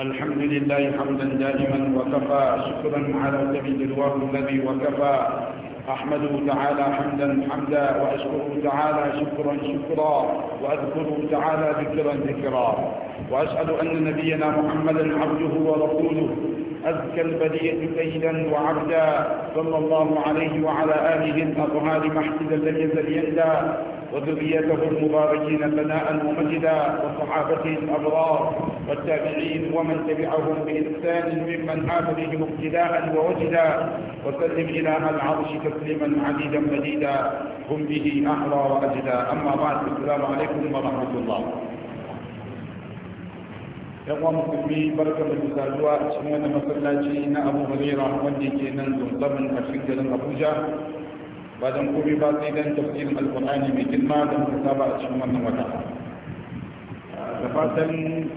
الحمد لله حمدا دائما وكفى شكرا على سبيل الله الذي وكفى أحمده تعالى حمدا حمدا وأشكره تعالى شكرا شكرا وأذكره تعالى ذكرا ذكرا وأشهد أن نبينا محمدا عبده ورسوله أزكى البرية سيدا وعبدا صلى الله عليه وعلى آله الأطهار محسدا لم يزل يندى وذريته المباركين بناء ومجدا وصحابته الأبرار والتابعين ومن تبعهم بإحسان ممن عاد بهم اقتداء ووجدا وسلم إلى العرش تسليما عديدا مديدا هم به أحرى وأجدا أما بعد السلام عليكم ورحمة الله yan uwa musulmi barka da misaluwa a cikin wani masallaci na abu hurera wanda ke nan a cikin garin abuja ba don komai ba sai dan tafsirin alkur'ani mai girma da ku ba a cikin wannan wata da fatan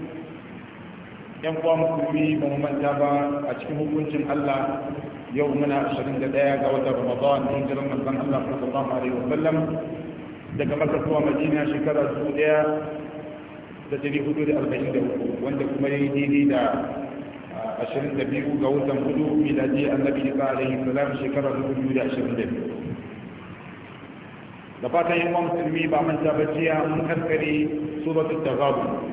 yan uwa musulmi ba mu manta ba a cikin hukuncin Allah yau muna 21 ga watan Ramadan don jiran manzon Allah sallallahu alaihi wa sallam daga Makka zuwa Madina shekara 1443 wanda kuma yayi daidai da ah, ashirin da biyu ga watan hudu miladi annabi isa alaihi salam shekarar dubu biyu da ashirin da biyu da fatan yan uwan musulmi ba manta ba jiya mun karkare ta taghabun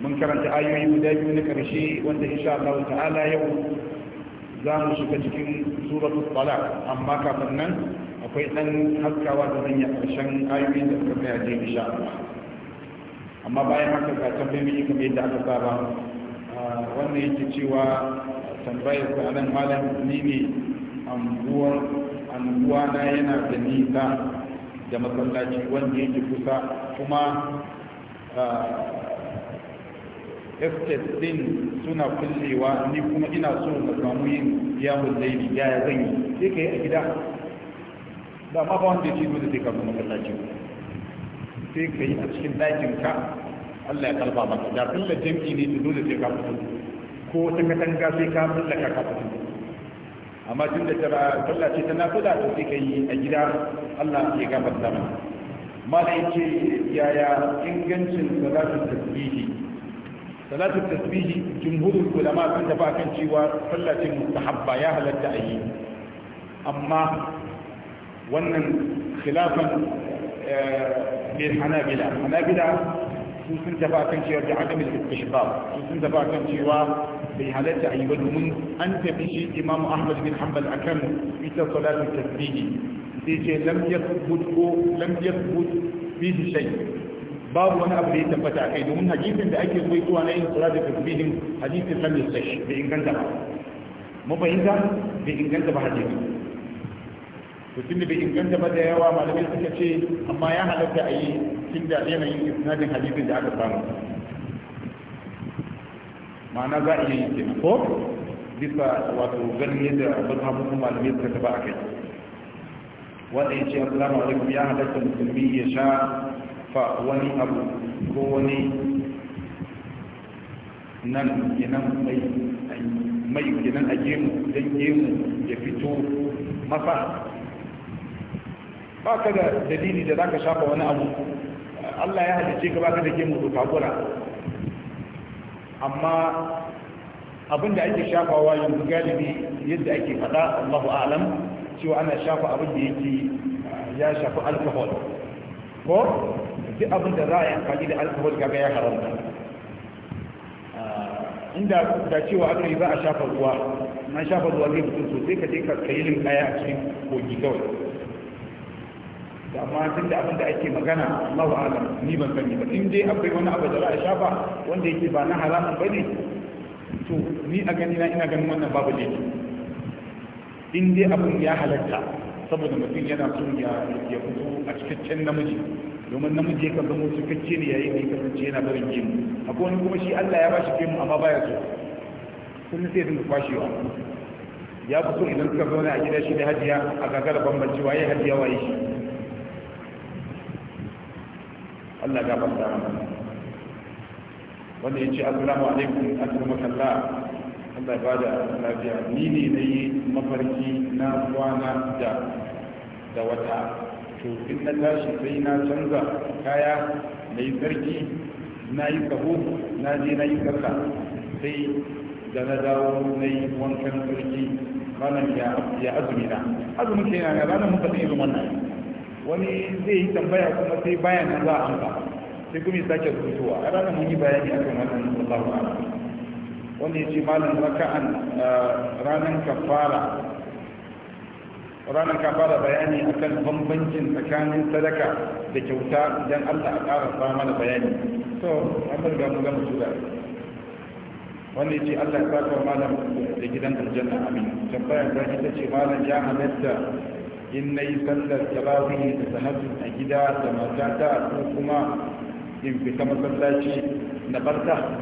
mun karanta ayoyi guda biyu na karshe wanda insha Allah ta'ala yau za mu shiga cikin suratul talaq amma kafin nan akwai dan haskawa da zan yi karshen ayoyi da suka kai aje insha Allah amma bayan haka ga tambayoyi kamar yadda aka saba wannan yake cewa tambayar ku anan malam ni ne anguwar anguwa na yana da nisa da masallaci wanda yake kusa kuma estate din suna kullewa ni kuma ina so na samu yin yawon laili ya zan yi sai ka yi a gida ba ma ba wanda ya ce dole sai ka kuma masallaci sai ka yi a cikin dakin ka Allah ya kalba maka da kullu jami'i ne dole sai ka fito ko ta katanga sai ka mallaka ka fito amma tun da ta sallah ce ta nafila to sai ka yi a gida Allah ya gafarta mana mala yace yaya ingancin salatu tasbihi salatu tasbihi jumhurul ulama sun tafi kan cewa sallah ce mustahabba ya halatta a yi amma wannan khilafan lil eh, hanabila hanabila su sun tafi kan cewa da adamin istishbab su sun tafi kan cewa bai halatta a yi ba domin an tafi shi imam ahmad bin hanbal akan ita salatu tasbihi sai ce lam yathbut ko lam yathbut bihi shay babu wani abu da ya tabbata kai domin hadisin da ake zuwa na yin salatu tasbihin hadisin lam yastash bai inganta ba mu fahimta bai inganta ba hadisin to tun da bai inganta ba da yawa malamai suka ce amma ya halatta a yi tun da yanayin isnadin hadisin da aka samu ma'ana za a iya yi kenan ko bisa wato ganin yadda mazhabin malamai suka taba a kai wanda ya ce assalamu alaikum ya halatta musulmi ya sha fa wani abu ko wani nan kenan mai mai kenan a gemu don gemu ya fito masa ba ka da dalili da za ka shafa wani abu Allah ya halice ka ba ka da ke mutu kakura amma abinda ake shafawa yanzu galibi yadda ake faɗa Allahu alam cewa ana shafa abin da yake uh, ya shafi alkohol ko duk abin da za a yi amfani da alkohol kaga ya haramta uh, inda da cewa aka yi za a shafa ruwa na shafa ruwa zai fito sosai ka je ka yi linkaya a cikin kogi kawai da amma tun da abin da ake magana Allahu a'lam ni ban sani ba in dai akwai wani abu da za a shafa wanda yake ba na haramun ne to ni a gani na ina ganin wannan babu laifi in dai abin ya halatta saboda mutum yana so ya ya fito a cikakken namiji domin namiji ya kan zama cikakke ne yayin da ya kasance yana barin gemu akwai wani kuma shi Allah ya bashi gemu amma baya so kullum sai dinga kwashewa ya fito idan suka zauna a gida shi da hajiya a gagara bambancewa ya hajiya waye shi Allah ya gafarta mana wanda ya ce assalamu alaikum akramakallah Allah ya bada lafiya ni ne na yi mafarki na kwana da da wata to in na tashi sai na canza kaya na yi sarki na yi kaho na je na yi sarka sai da na dawo na yi wankan sarki ranar ya azumi na Azumi ke na ranar muka sai irin wannan wani zai yi tambaya kuma sai bayan za a amsa sai kuma ya sake rubutuwa a ranar mun yi bayani akan wannan wallahu a'lam wanda ya ce malam an eh, ranar kafara ranar kafara bayani akan bambancin tsakanin sadaka da kyauta idan Allah a ƙara sa mana bayani to an bar ga mu ga mutu da wanda ya ce Allah ya saka malam da gidan aljanna amin tambaya ta ita ce malam ya halatta in na yi sallar tabawi da sanadun a gida da matata ko kuma in fita masallaci na barta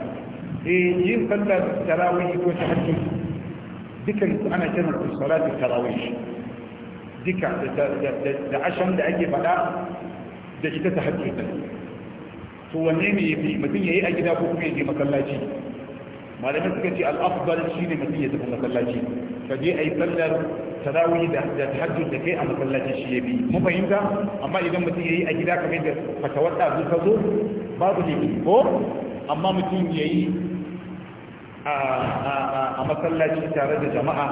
eh yin sallar tarawih ko tahajjud dukan su ana kiran su salatu tarawih duka da ashan da ake fada da ita ta tahajjud to wanne ne yafi mutum yi a gida ko kuma ya je masallaci malamai suka ce al'afdal shine mutum ya tafi masallaci ka je ayi sallar tarawih da da tahajjud da kai a masallaci shi ya bi mu fahimta amma idan mutum yayi a gida kamar da fatawar zu zuka zo babu ne ko amma mutum yayi a masallaci tare da jama'a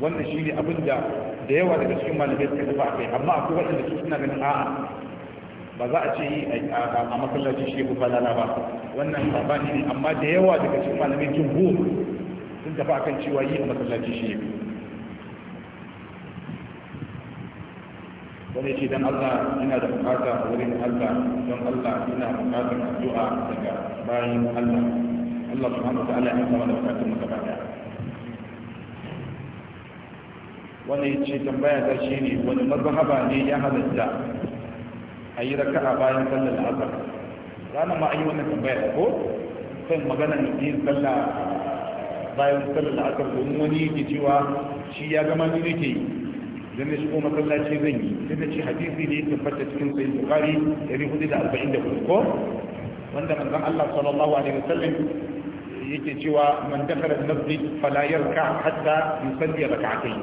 wanda shine abin da da yawa daga cikin malamai suka tafi a kai amma akwai waɗanda su suna ganin a'a ba za a ce yi a masallacin shehu falala ba wannan sabani ne amma da yawa daga cikin malamin jumhur sun tafi akan cewa yi a masallacin shehu wani ce don allah ina da bukata a wurin allah don allah ina bukatar addu'a daga bayan allah allah subhanahu wa ta'ala ya sama da bukatun mu gaba daya wani ce tambaya ta shi ne wani mazhaba ne ya halatta a yi raka'a bayan sallar asar ranar ma a yi wannan tambaya da ko kan magana yin sallah bayan sallar asar domin wani yake cewa shi ya gama ni nake yi dan ne shigo masallaci zan yi sai da ce hadisi ne tabbata cikin sai bukari 444 ko wanda manzon Allah sallallahu alaihi wasallam yake cewa man dakhala al-masjid fala yarka hatta yusalli rak'atayn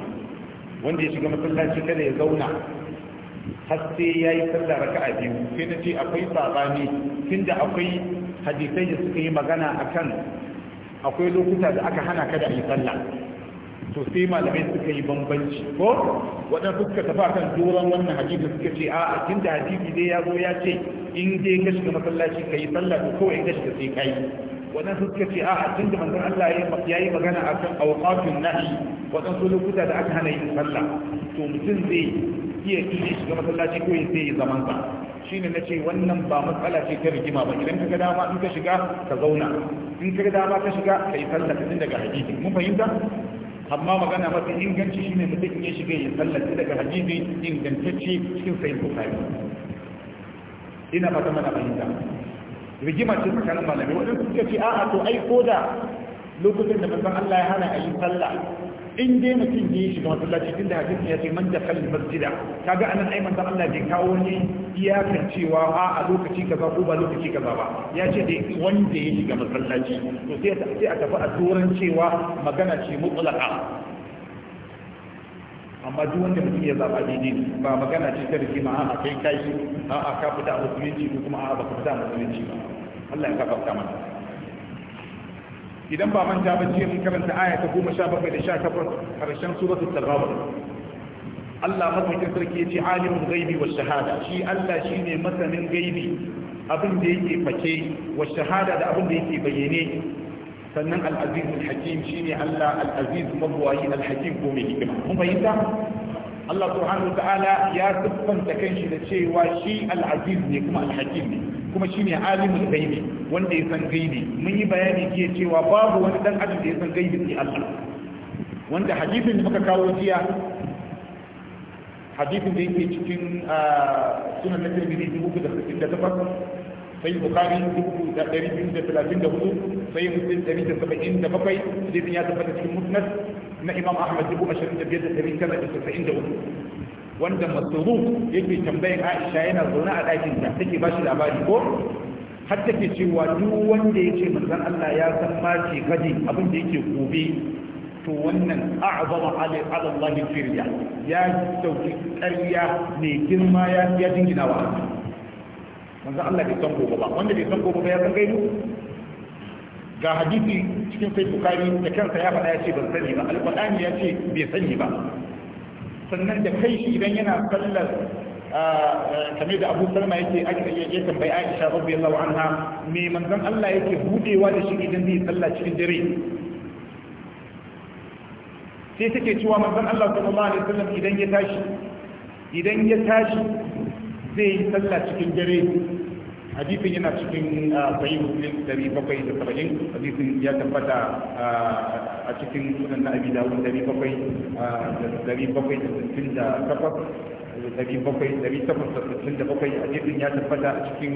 wanda ya shiga masallaci kada ya zauna har sai ya yi sallah a biyu sai na ce akwai sabani da akwai hadisai da suka yi magana akan akwai lokuta da aka hana kada da yi sallah to sai malamai suka yi bambanci ko waɗanda suka tafi akan doron wannan hadisi suka ce a tun da hadisi dai ya zo ya ce in dai ka shiga masallaci ka yi sallah ko kawai in ka shiga sai ka yi waɗanda suka ce a tun da manzon Allah ya yi magana akan awqatun nahi waɗansu lokuta da aka hana yin sallah to mutum zai iya iya shiga masallaci ko ya sai ya zaman sa shine nace wannan ba matsala ce ta rigima ba idan kaga dama in ka shiga ka zauna in kaga dama ka shiga ka yi sallah tun daga hadisi mun fahimta amma magana mafi inganci shine mutum ya shiga ya sallaci daga hadisi ingantacce cikin sayin bukari ina fata mana fahimta rigima ce tsakanin malamai waɗansu suka ce a'a to ai ko da lokacin da manzon Allah ya hana a yi sallah in dai mutum ya shiga masallaci da hadisi ya ce man da kalin masjida kaga anan ai manzon Allah bai kawo ni iyakan cewa a a lokaci kaza ko ba lokaci kaza ba ya ce dai wanda ya shiga masallaci to sai sai a tafi a doran cewa magana ce mutlaqa amma duk wanda mutum ya zaba daidai ba magana ce ta rike ma a kai kai a a ka fita musulunci ko kuma a ba ka fita musulunci ba Allah ya kafa mana idan ba manta ba ce mun karanta aya ta goma sha bakwai da sha takwas karshen suratul tagabun Allah madaukakin sarki ce alimul gaibi was shahada shi Allah shine masanin gaibi abin da yake fake wa shahada da abin da yake bayyane sannan al-aziz hakim shine Allah al-aziz mabwayi al-hakim ko mai hikima kun fahimta Allah subhanahu wa ta'ala ya siffanta kanshi da cewa shi al-aziz ne kuma al-hakim ne kuma shine alimul gaibi wanda ya san gaibi mun yi bayani jiya cewa babu wani dan adam da ya san gaibi ne Allah wanda hadisin da muka kawo jiya hadisin da yake cikin ah, sunan na tirmidhi dubu da sittin da takwas sai bukari dubu da ɗari biyu da talatin da hudu sai muslim ɗari da saba'in da bakwai hadisin ya tabbata cikin musnad na imam ahmad dubu ashirin da biyar da ɗari tara da tasa'in da uku wanda masaruf yake tambayin aisha yana zaune a ɗakin ta take ba shi labari ko har take cewa duk wanda ya yake manzon Allah ya san ma ce abin da yake gobe to wannan a'zama ala Allah firya ya dauki ƙarya mai girma ya ya jingina wa manzon Allah bai san gobe ba wanda bai san gobe ba ya san gaibu ga hadisi cikin sai bukari da kansa ya faɗa ya ce ban sani ba alƙur'ani ya ce bai sani ba sannan da kai shi idan yana sallar kame da abu salma yake ya tambayi aisha rabbi allahu anha me manzon allah yake budewa da shi idan zai salla cikin dare sai take cewa manzon allah sallallahu alaihi wasallam idan ya tashi idan ya tashi zai yi cikin dare hadisin yana cikin ah, sayi muslim dari bakwai da saba'in hadisin ya tabbata ah, a cikin sunan na abi dawud dari bakwai ah, dari bakwai da sittin da takwas dari bakwai dari takwas da sittin da bakwai hadisin ya tabbata a cikin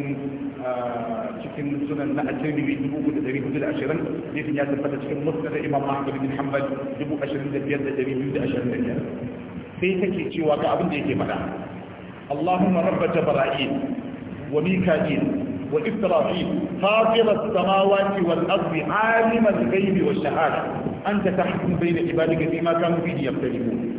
cikin sunan na atirmi dubu da dari hudu da ashirin hadisin ya tabbata cikin musnad imam ahmad bin hanbal dubu ashirin da biyar da dari biyu da ashirin da biyar sai take cewa ga abin da yake faɗa اللهم رب جبرائيل وميكائيل وإسرافيل فاطر السماوات والأرض عالم الغيب والشهادة أنت تحكم بين عبادك فيما كانوا فيه يختلفون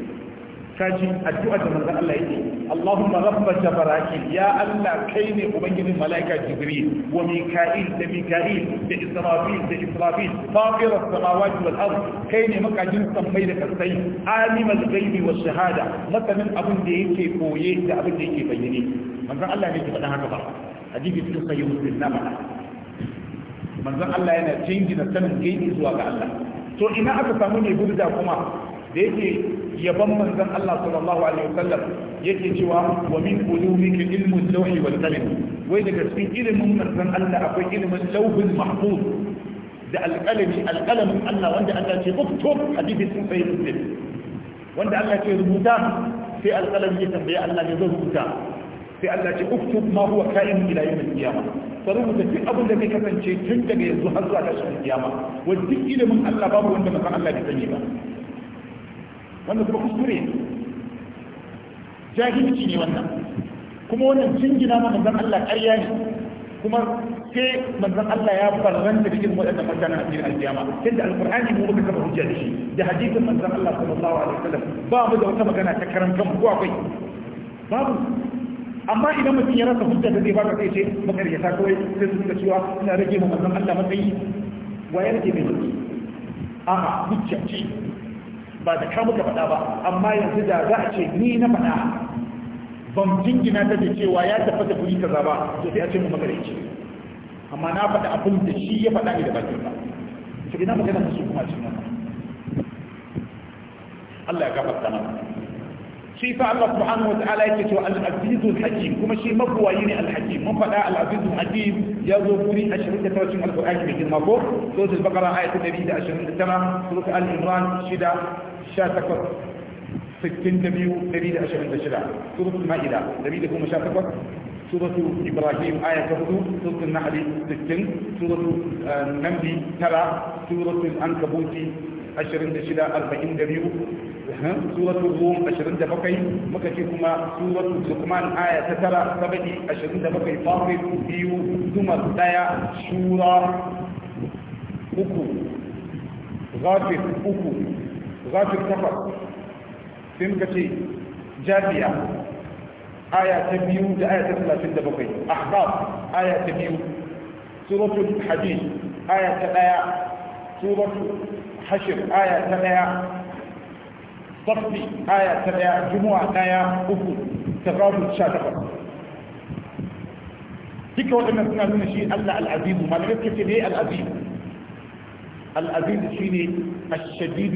kaji addu'a da manzon Allah yake Allahumma rabb jabarakil ya Allah kai ne ubangijin malaika jibril wa mika'il da mika'il da israfil da israfil faqir as-samawati wal ard kai ne makajin sammai da kasai alimul ghaibi wash shahada masanin abin da koye da abin da yake bayyane manzon Allah ne ke faɗa haka ba hadisi cikin sahih muslim na faɗa manzon Allah yana canji da sanin gaibi zuwa ga Allah to ina aka samu ne burda kuma da yake yaban manzon Allah sallallahu alaihi wasallam yake cewa wa min qulubika ilmu lawhi wal qalam wai daga cikin ilimin manzon Allah akwai ilimin lawhul mahfuz da alqalami alqalamin Allah wanda Allah ce uktub hadisi sun sahih muslim wanda Allah ce rubuta sai alqalami ya tambaye Allah ya zo rubuta sai Allah ce uktub ma huwa kain ila yawm al-qiyama ka rubuta duk abin da kai kasance tun daga yanzu har zuwa tashin kiyama wa duk ilimin Allah babu wanda maka Allah bai sani ba wannan kuma kuskure ne jahilci ne wannan kuma wannan jingina ma manzon Allah ƙarya ne kuma sai manzon Allah ya farran da cikin waɗannan mutanen a cikin alkiyama tunda alqur'ani mu muka kafa hujja da shi da hadisin manzon Allah sallallahu alaihi wasallam ba mu da wata magana ta karan kan ko akwai babu amma idan mutum ya rasa hujja da zai baka sai ce makaryata kawai sai su suka cewa ina rage ma manzon Allah matsayi waye rage mai a'a hujja ce ba da ka faɗa ba amma yanzu da za a ce ni na faɗa ban jingina ta da cewa ya da guri kaza ba to sai a ce mu makaryaci amma na faɗa abin da shi ya faɗa ni da bakin ba sai na magana su kuma cikin wannan Allah ya gafarta mana shi sa Allah subhanahu wataala yake cewa al-azizul hakim kuma shi mabuwayi ne al-hakim mun faɗa al-azizul hakim ya zo guri 29 cikin al-Qur'ani mai girma ko suratul baqara ayatu 129 suratul al-imran 6 18 62 126 سورة المائدة نبيل كوم شاتفت سورة إبراهيم آية كهدو سورة النحل 60 سورة النمل ترى سورة العنكبوت 26 42 suratul rum 27 muka ce kuma suratul luqman aya ta tara sabani 27 fatir biyu zumar daya shura uku ghafir uku ghafir takwas sai muka ce jafiya aya ta biyu da aya ta 37 ahqaf aya ta biyu suratul hadid aya ta daya suratul hashir aya ta daya safi aya ta daya jumu'a daya uku tafawul sha takwas duka waɗannan suna nuna shi Allah al malamai suka ne al-aziz shi ne a ash-shadid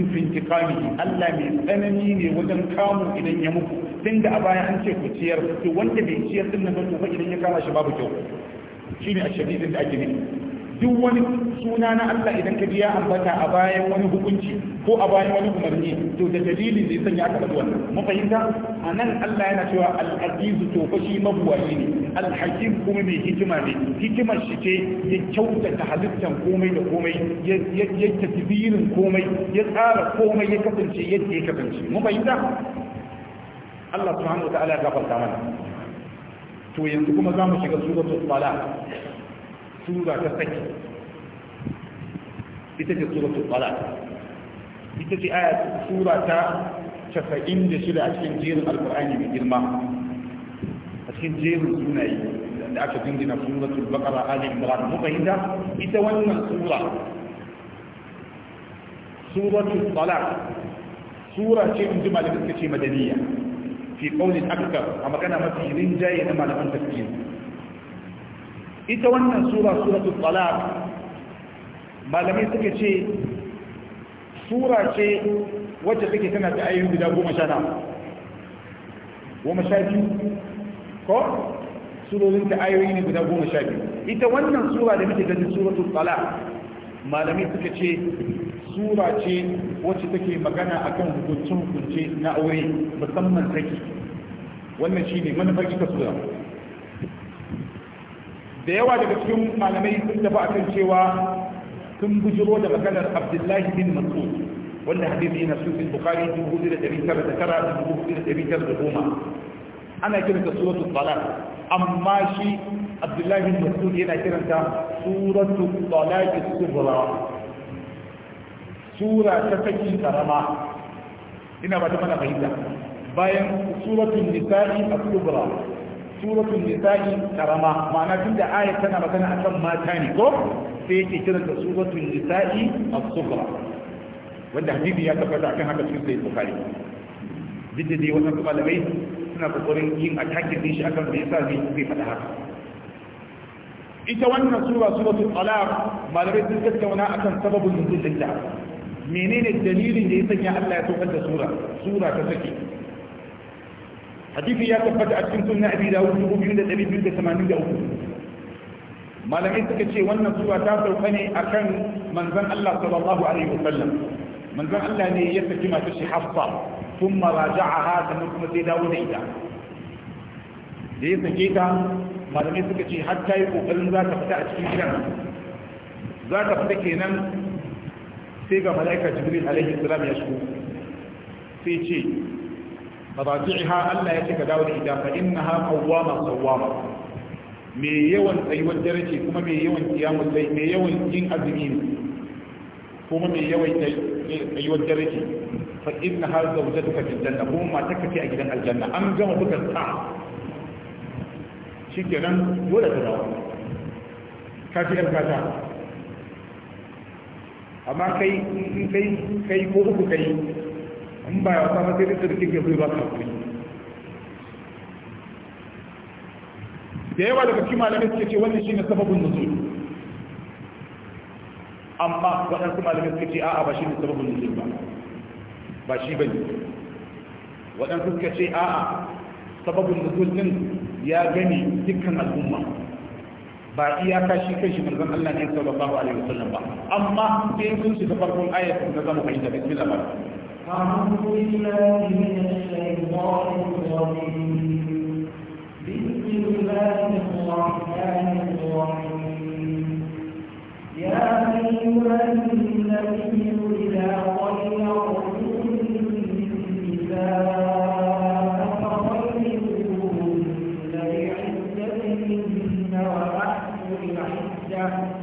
Allah mai tsanani ne wajen kamu idan ya muku tunda a baya an ce ku ciyar to wanda bai ciyar din nan ba idan ya kama shi babu kyau ne a shadid da ake nufi duk wani suna na Allah idan ka biya ambata a bayan wani hukunci ko a bayan wani umarni to da dalilin zai sanya aka da wannan mun fahimta a nan Allah yana cewa al-azizu to fa shi mabuwayi ne al-hakim kuma mai hikima ne hikimar shi ce ya kyautata halittar komai da komai ya ya komai ya tsara komai ya kasance yadda ya kasance mun fahimta Allah subhanahu wa ta'ala ya gafarta mana to yanzu kuma za mu shiga suratul talaq sura ta saki ita ce suratul talaq ita ce aya sura ta 96 a cikin jerin alqur'ani mai girma a cikin jerin sunaye da aka dingina suratul baqara ali imran muka yi ita wannan sura suratul talaq sura ce in ji malamin suka ce madaniya fi qawlin akthar a magana mafi rinjaye na malaman tafsir ita wannan sura suratul talaq malamai suka ce sura ce wacce take tana da ayoyi guda goma sha nawa goma sha biyu ko surorin ta ayoyi ne guda goma sha biyu ita wannan sura da muke ganin suratul talaq malamai suka ce sura ce wacce take magana akan hukuncin hukunce na aure musamman saki wannan shi shine manufar ita sura da yawa daga cikin malamai sun tafi akan cewa sun bujiro da maganar abdullahi bin mas'ud wanda hadisi yana cikin bukhari 1909 ana kiranta suratul talaq amma shi abdullahi bin mas'ud yana kiranta suratul talaq kubra sura ta saki karama ina ba ta mana fahimta bayan suratul nisa'i al-kubra suratul nisa'i karama ma'ana tun da ayat tana magana akan mata ne ko sai yake kiran ta suratul nisa'i as-sughra wanda hadisi ya tabbata akan haka cikin sahih bukhari duk da dai wasu malamai suna kokarin yin attacking din shi akan me yasa zai zai faɗa haka ita wannan sura suratul talaq malamai sun wani akan sababin nuzul din menene dalilin da ya sanya Allah ya saukar da sura sura ta sake hadisi ya tabbata a cikin sunna abi dawud uku. malamai suka ce wannan sura ta sauka ne a kan manzan Allah sallallahu alaihi wasallam Manzan Allah ne ya saki mata shi Hafsa kuma raja'aha sannan kuma sai dawo da ita da ya sake ta malamai suka ce har ta yi kokarin za ta fita a cikin gidan za ta fita kenan sai ga mala'ika Jibril alaihi salam ya shigo sai ce mazafi'iha Allah ya ka dawo da ita fa innaha qawwama sawwama me yawan tsayuwar dare kuma me yawan kiyamu sai me yawan yin azumi kuma me yawan tsayuwar dare ce fa innaha zawjatuka fil janna kuma matarka ce a gidan aljanna an gama duka sa shikenan dole ta dawo amma kai kai ko uku kai in ba ya wasa ba sai da kike bai ba ka hakuri da yawa daga cikin malamai suke ce wannan shine sababin nuzul amma waɗansu malamai suke ce a'a ba shine sababin nuzul ba ba shi bane waɗansu suka ce a'a sababin nuzul din ya gani dukkan al'umma ba iyaka shi kan shi manzon Allah ne sallallahu alaihi wasallam ba amma sai sun shiga farkon ayatin da zamu fahimta bismillah أعوذ بالله من الشيطان الرجيم بسم الله الرحمن الرحيم يا أيها النبي إذا طلقتم النساء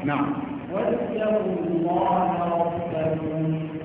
نعم واتقوا الله ربكم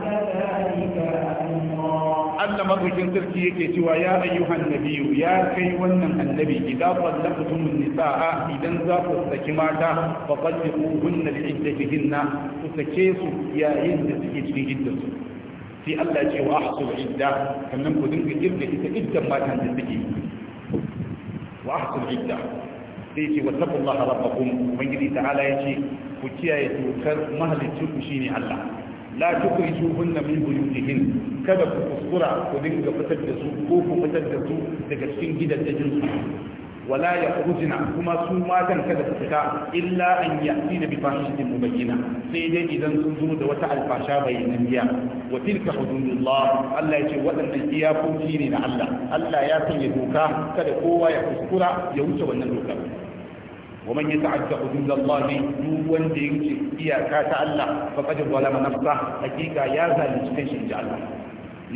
Allah madaukin sarki yake cewa ya ayyuhan nabiyyu ya kai wannan annabi idza sallaqtum nisaa idan za ku saki mata fa qalliquhunna li iddatihinna ku sake su yayin da suke cikin iddarsu sai Allah ce wa ahsul idda sannan ku dinga idda ita iddan matan da suke wa ahsul idda sai ce wa taqullaha rabbakum ubangiji ta'ala yace ku kiyaye dokar mahalicin ku shine Allah la tukhrijū hunna min buyūtihin kada ku kuskura ku dinga fitar da su ko ku fitar da su daga cikin gidajen su wala yakhrujna kuma su matan kada su fita illa an ya'tina bi fahishatin mubayyina sai dai idan sun zo da wata alfasha bayyananniya wa tilka hududullah Allah ya ce waɗannan iyakoki ne na Allah Allah ya sanya doka kada kowa ya kuskura ya wuce wannan dokar ومن يتعدى حدود الله دون ديك يا كاتا الله فقد ظلم نفسه حقيقة يا ذلك تنشن الله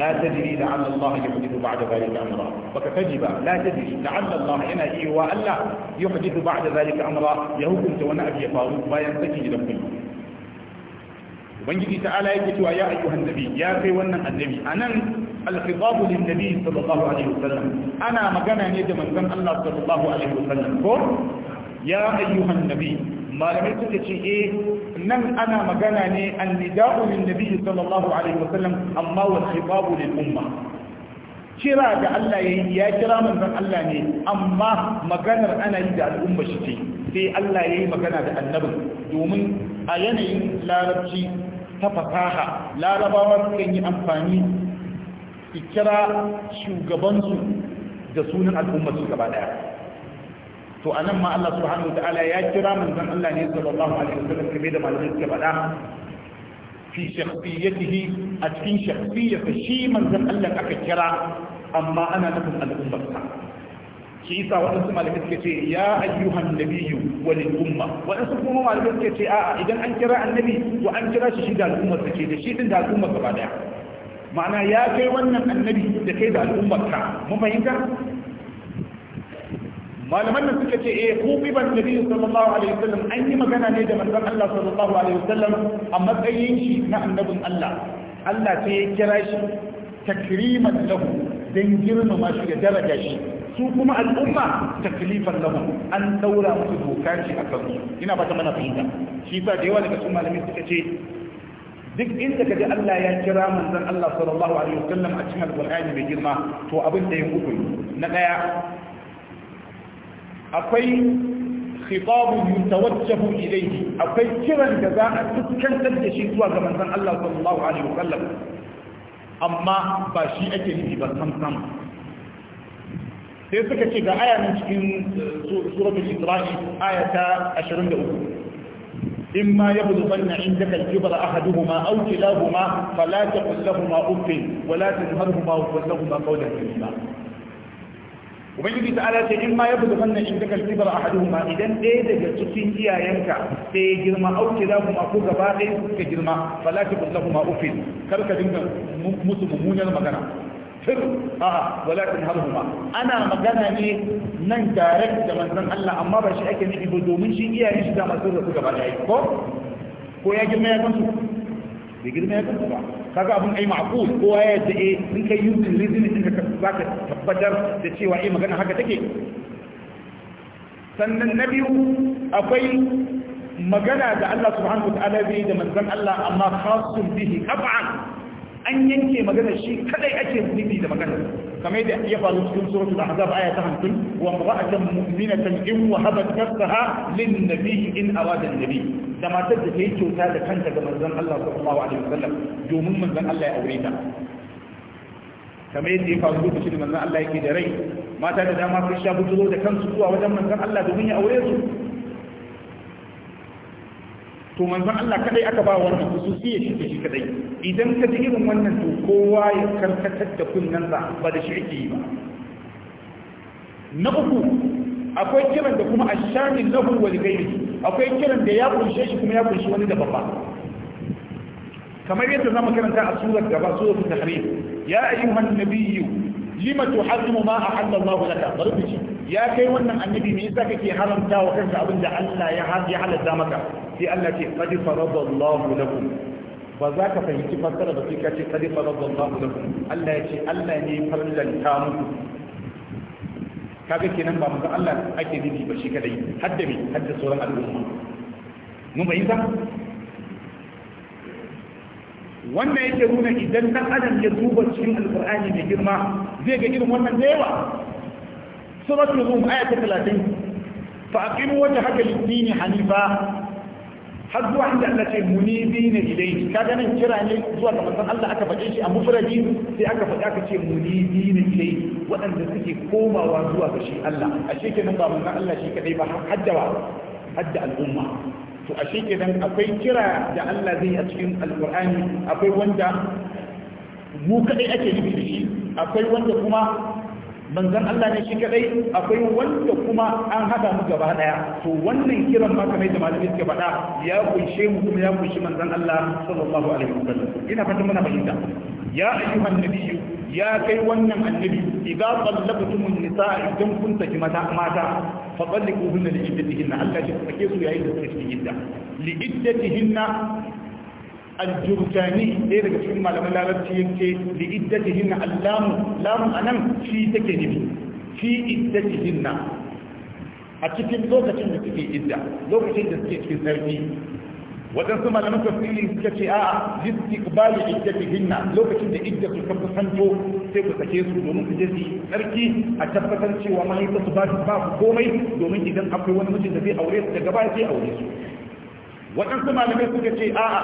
لا تدري لعل الله يحدث بعد ذلك أمرا فكتجب لا تدري لعل الله هنا إيه وألا يحدث بعد ذلك أمرا يهكم تونا أبي فاروق ما ينتكي لكم ubangiji ta'ala yake cewa ya ayyuhan nabi ya kai wannan annabi anan al-khitab lin nabi sallallahu alaihi wasallam ana magana ne da manzon Allah sallallahu alaihi wasallam ko ya ayyuhan nabi malamai suka ce eh nan ana magana ne annida'u lin nabi sallallahu alaihi sallam amma wal khitabu lil umma kira da Allah yayi ya kira manzon Allah ne amma maganar ana yi da al'umma shi ce sai Allah yayi magana da annabi domin a yanayin larabci ta fasaha larabawa sukan yi amfani su kira shugabansu da sunan al'ummar su gaba daya to anan ma Allah subhanahu wataala ya kira manzon Allah ne sallallahu alaihi wasallam kamar da malamai suka faɗa fi shakhsiyatihi a cikin shakhsiyarsa shi manzon Allah aka kira amma ana nufin al'ummarsa shi isa waɗansu malamai suka ce ya ayyuhan nabiyyu wa lil umma waɗansu kuma malamin suka ce a'a idan an kira annabi to an kira shi shi da al'ummarsa ce da shi din da al'ummar gaba daya ma'ana ya kai wannan annabi da kai da al'ummarka mun fahimta malaman nan suka ce eh ku biban nabi sallallahu alaihi wasallam an yi magana ne da manzon Allah sallallahu alaihi wasallam a matsayin shi na annabin Allah Allah sai ya kira shi takriman lahu dan girmama shi da daraja shi su kuma al'umma taklifan lahu an daura musu doka ce a kansu ina ba ta mana fahimta shi sa da yawa daga cikin malamin suka ce duk inda ka ji Allah ya kira manzon Allah sallallahu alaihi wasallam a cikin alqur'ani mai girma to abin da ya hukumi na daya akwai khitabu yutawajjahu ilayhi akwai kiran da za a fuskantar da shi zuwa ga manzon Allah sallallahu alaihi wasallam amma ba shi ake nufi ba sam sam sai suka ce ga aya nan cikin eh, suratul isra'i aya ta 23 إما يبلغن عندك الكبر أحدهما أو كلاهما فلا تقل لهما أف ولا تنهرهما وقل لهما قولا كريما ubangiji ta ala ce in ma ya buga wannan in daga kibar ahaduhuma idan ɗaya daga cikin iyayenka sai ya girma auke, za kuma ko gaba ɗaya suka girma fala ta kulla kuma ufin kar ka dinga musu mummunar magana fir a wala ta harhuma ana magana ne nan tare da manzon Allah amma ba shi ake nufi ba domin shi iyayen shi da masu rasu gaba ɗaya ko ko ya girma ya gamsu bai girma ya kasu ba kaga abin ai ma'qul kowa ya yadda eh in kai din ka zaka tabbatar da cewa eh magana haka take sannan na biyu akwai magana da Allah subhanahu wa ta'ala zai da manzon Allah amma khasun bihi qat'an an yanke magana shi kadai ake nufi da magana kamar yadda ya faru cikin suratul ahzab aya ta 50 wa imra'atan mu'minatan in wahabat nafsaha lin nabiy in arada nabi da matar da take kyauta da kanta ga manzon Allah sallallahu alaihi wasallam domin manzon Allah ya aure ta kamar yadda ya faru lokacin da manzon Allah yake da rai mata da dama sun sha bujuro da kansu zuwa wajen manzon Allah domin ya aure su to manzon Allah kadai aka ba wannan hususi ya shige shi kadai idan ka ji irin wannan to kowa ya karkatar da kunnansa ba da shi yi ba na uku akwai kiran da kuma ashamin lahu wal ghairi akwai kiran da ya kunshe shi kuma ya kunshi wani da babba kamar yadda zamu karanta a surar gaba surar tahrim ya ayyuhan nabiyyu lima tuharrimu ma ahalla Allah laka barbici ya kai wannan annabi me yasa kake haramta wa kanka abin da Allah ya ya halatta maka sai Allah ce qad farada Allah lakum ba za ka fahimci fassara ba sai ka ce qad farada Allah lakum Allah ya ce Allah ne farlanta muku kaga kenan ba manzo Allah ake nufi ba shi kadai hadda me hadda sauran al'umma mun bayyana wannan yake nuna idan dan adam ya duba cikin alqur'ani mai girma zai ga irin wannan da yawa suratul rum aya ta 30 fa aqimu wajhaka lid-din hanifa har zuwa inda Allah ce munibina ilayhi kaga nan kira ne zuwa ga manzon Allah aka faɗe shi a mufradi sai aka faɗa aka ce munibina ilayhi waɗanda suke komawa zuwa ga shi Allah ashe kenan ba manzon Allah shi kadai ba haddawa hadda al'umma to ashe kenan akwai kira da Allah zai yi a cikin alqur'ani akwai wanda mu kadai ake nufi da shi akwai wanda kuma manzan Allah ne shi kadai akwai wanda kuma an haɗa mu gaba daya to wannan kiran ma kamar da malamin suke faɗa ya kunshe mu kuma ya kunshi manzan Allah sallallahu alaihi wasallam ina fatan muna fahimta ya ayyuhan nabiyyu ya kai wannan annabi idza sallabtumun nisa idan kun saki mata mata fa talliquhunna li iddatihinna Allah ya sake su yayin da suke cikin idda li iddatihinna al-jurjani ɗaya daga cikin malaman larabci yake li iddatihin allamu lamun anan shi take nufi fi iddatihin a cikin lokacin da suke idda lokacin da suke cikin sarki waɗansu malaman tafsiri suka ce a'a istiqbali iddatihinna lokacin da idda su kan kusanto sai ku sake su domin su je su tsarki a tabbatar cewa mahaifa ba su komai domin idan akwai wani mutum da zai aure su daga baya sai aure su waɗansu malamai suka ce a'a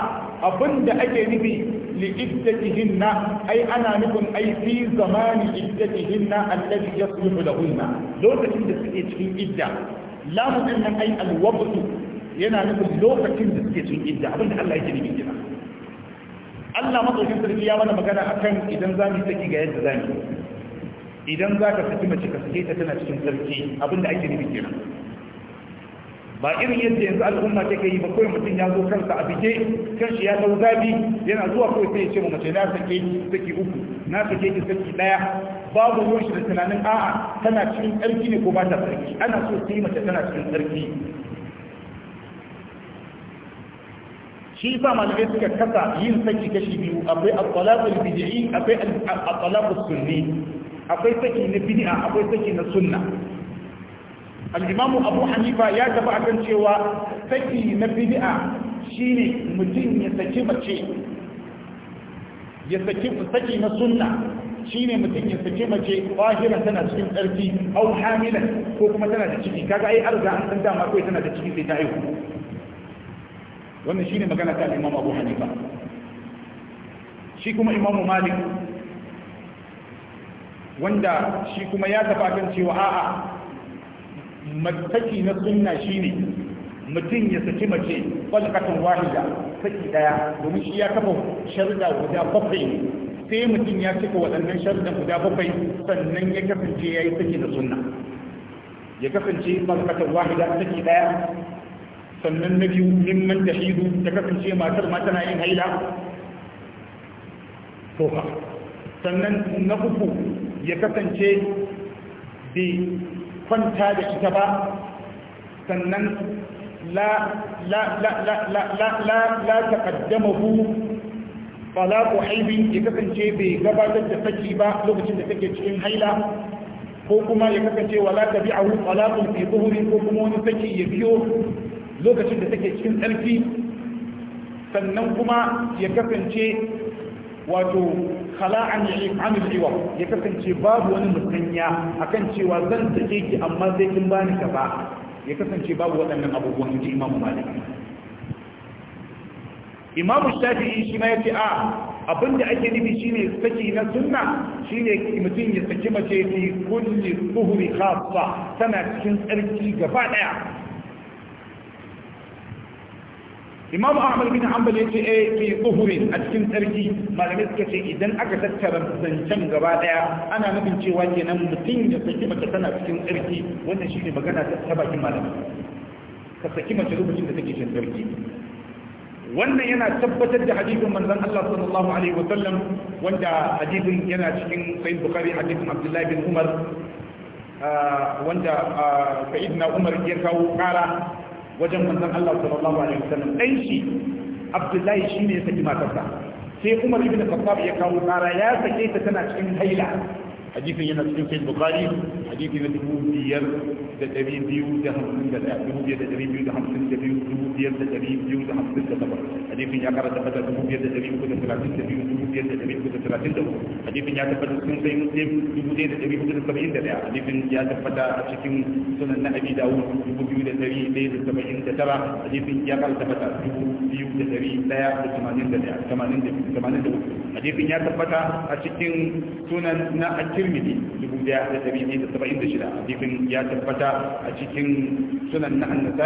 abin da ake nufi li na ai ana nufin ai fi zamani iddatihinna allazi yasluhu lahunna lokacin da suke cikin idda lamu din nan ai alwaqtu yana nufin lokacin da suke cikin idda abin da Allah yake nufi kina Allah madaukakin sarki ya mana magana akan idan zamu saki ga yadda zamu idan zaka saki mace ka sake ta tana cikin sarki abin da ake nufi kenan ba irin yadda yanzu al'umma take yi ba kawai mutum ya zo kansa a kan kanshi ya dau zabi yana zuwa kawai sai ya ce mace na sake saki uku na sake ki saki daya babu ruwan shi da tunanin a'a tana cikin tsarki ne ko ba ta tsarki ana so sai mace tana cikin tsarki shi sa malamai suka kasa yin saki kashi biyu akwai at-talaqul bid'i akwai at sunni akwai saki na bid'a akwai saki na sunna al'imamu abu hanifa ya tafi akan cewa saki na bid'a shine mutum ya saki mace ya saki na sunna shine mutum ya saki mace bahira tana cikin tsarki au hamilan ko kuma tana da ciki kaga ai arga an dama kai tana da ciki sai ta haihu wannan shine magana ta imamu abu hanifa shi kuma imamu malik wanda shi kuma ya tafi akan cewa a'a mataki na sunna shine mutum ya saki mace falkatan wahida saki daya domin shi ya kafa sharda guda bakwai sai mutum ya cika waɗannan sharda guda bakwai sannan ya kasance ya yi saki da sunna ya kasance falkatan wahida saki daya sannan na biyu mimman da hidu ta kasance matar ma tana yin haila tofa sannan na uku ya kasance bi kwanta da ita ba sannan la la la la la la la la taqaddamahu talaqu haibi ya kasance bai gabatar da saki ba lokacin da take cikin haila ko kuma ya kasance wala tabi'ahu talaqun fi dhuhri ko kuma wani saki ya biyo lokacin da take cikin tsarki sannan kuma ya kasance wato kala an yi amil ya kasance babu wani musanya akan cewa zan take ki amma sai kin bani kaza ya kasance babu waɗannan abubuwan inji imamu malik imamu shafi'i shi ma yace a abinda ake nufi shine saki na sunna shine mutum ya saki mace fi kulli tuhuri khassa tana cikin tsarki gaba daya imam ahmad bin hanbal yace eh fi zuhuri a cikin tsarki malamai suka ce idan aka tattara zancen gaba daya ana nufin cewa kenan mutum ya saki mace tana cikin tsarki wannan shine magana ta bakin malamai ka saki mace lokacin da take cikin tsarki wannan yana tabbatar da hadisin manzon Allah sallallahu alaihi wa sallam wanda hadisin yana cikin sahih bukhari hadisin abdullahi bin umar ah, wanda ah, sayyidina umar ya kawo kara wajen manzon Allah sallallahu alaihi wasallam dan shi Abdullahi shine ya saki matarsa sai Umar ibn Khattab ya kawo tsara ya sake ta tana cikin haila hadisin yana cikin Sahih Bukhari hadisi na dubu biyar da ɗari biyu da hamsin da dubu biyar da biyu da hamsin da biyu dubu biyar da biyu da hamsin da saba hadisin ya kara tabbata dubu biyar da dari uku da talatin da biyu dubu biyar da dari uku da talatin da uku hadisin ya tabbata sun sai muslim dubu da uku da saba'in da hadisin ya tabbata a cikin sunan na abi dawud dubu biyu da dari ɗaya da saba'in da tara hadisin ya kara tabbata dubu biyu da dari ɗaya da tamanin da ɗaya tamanin da biyu tamanin da uku hadisin ya tabbata a cikin sunan na at dubu ɗaya da dari ɗaya da 76 ya tabbata a cikin sunan ya tabbata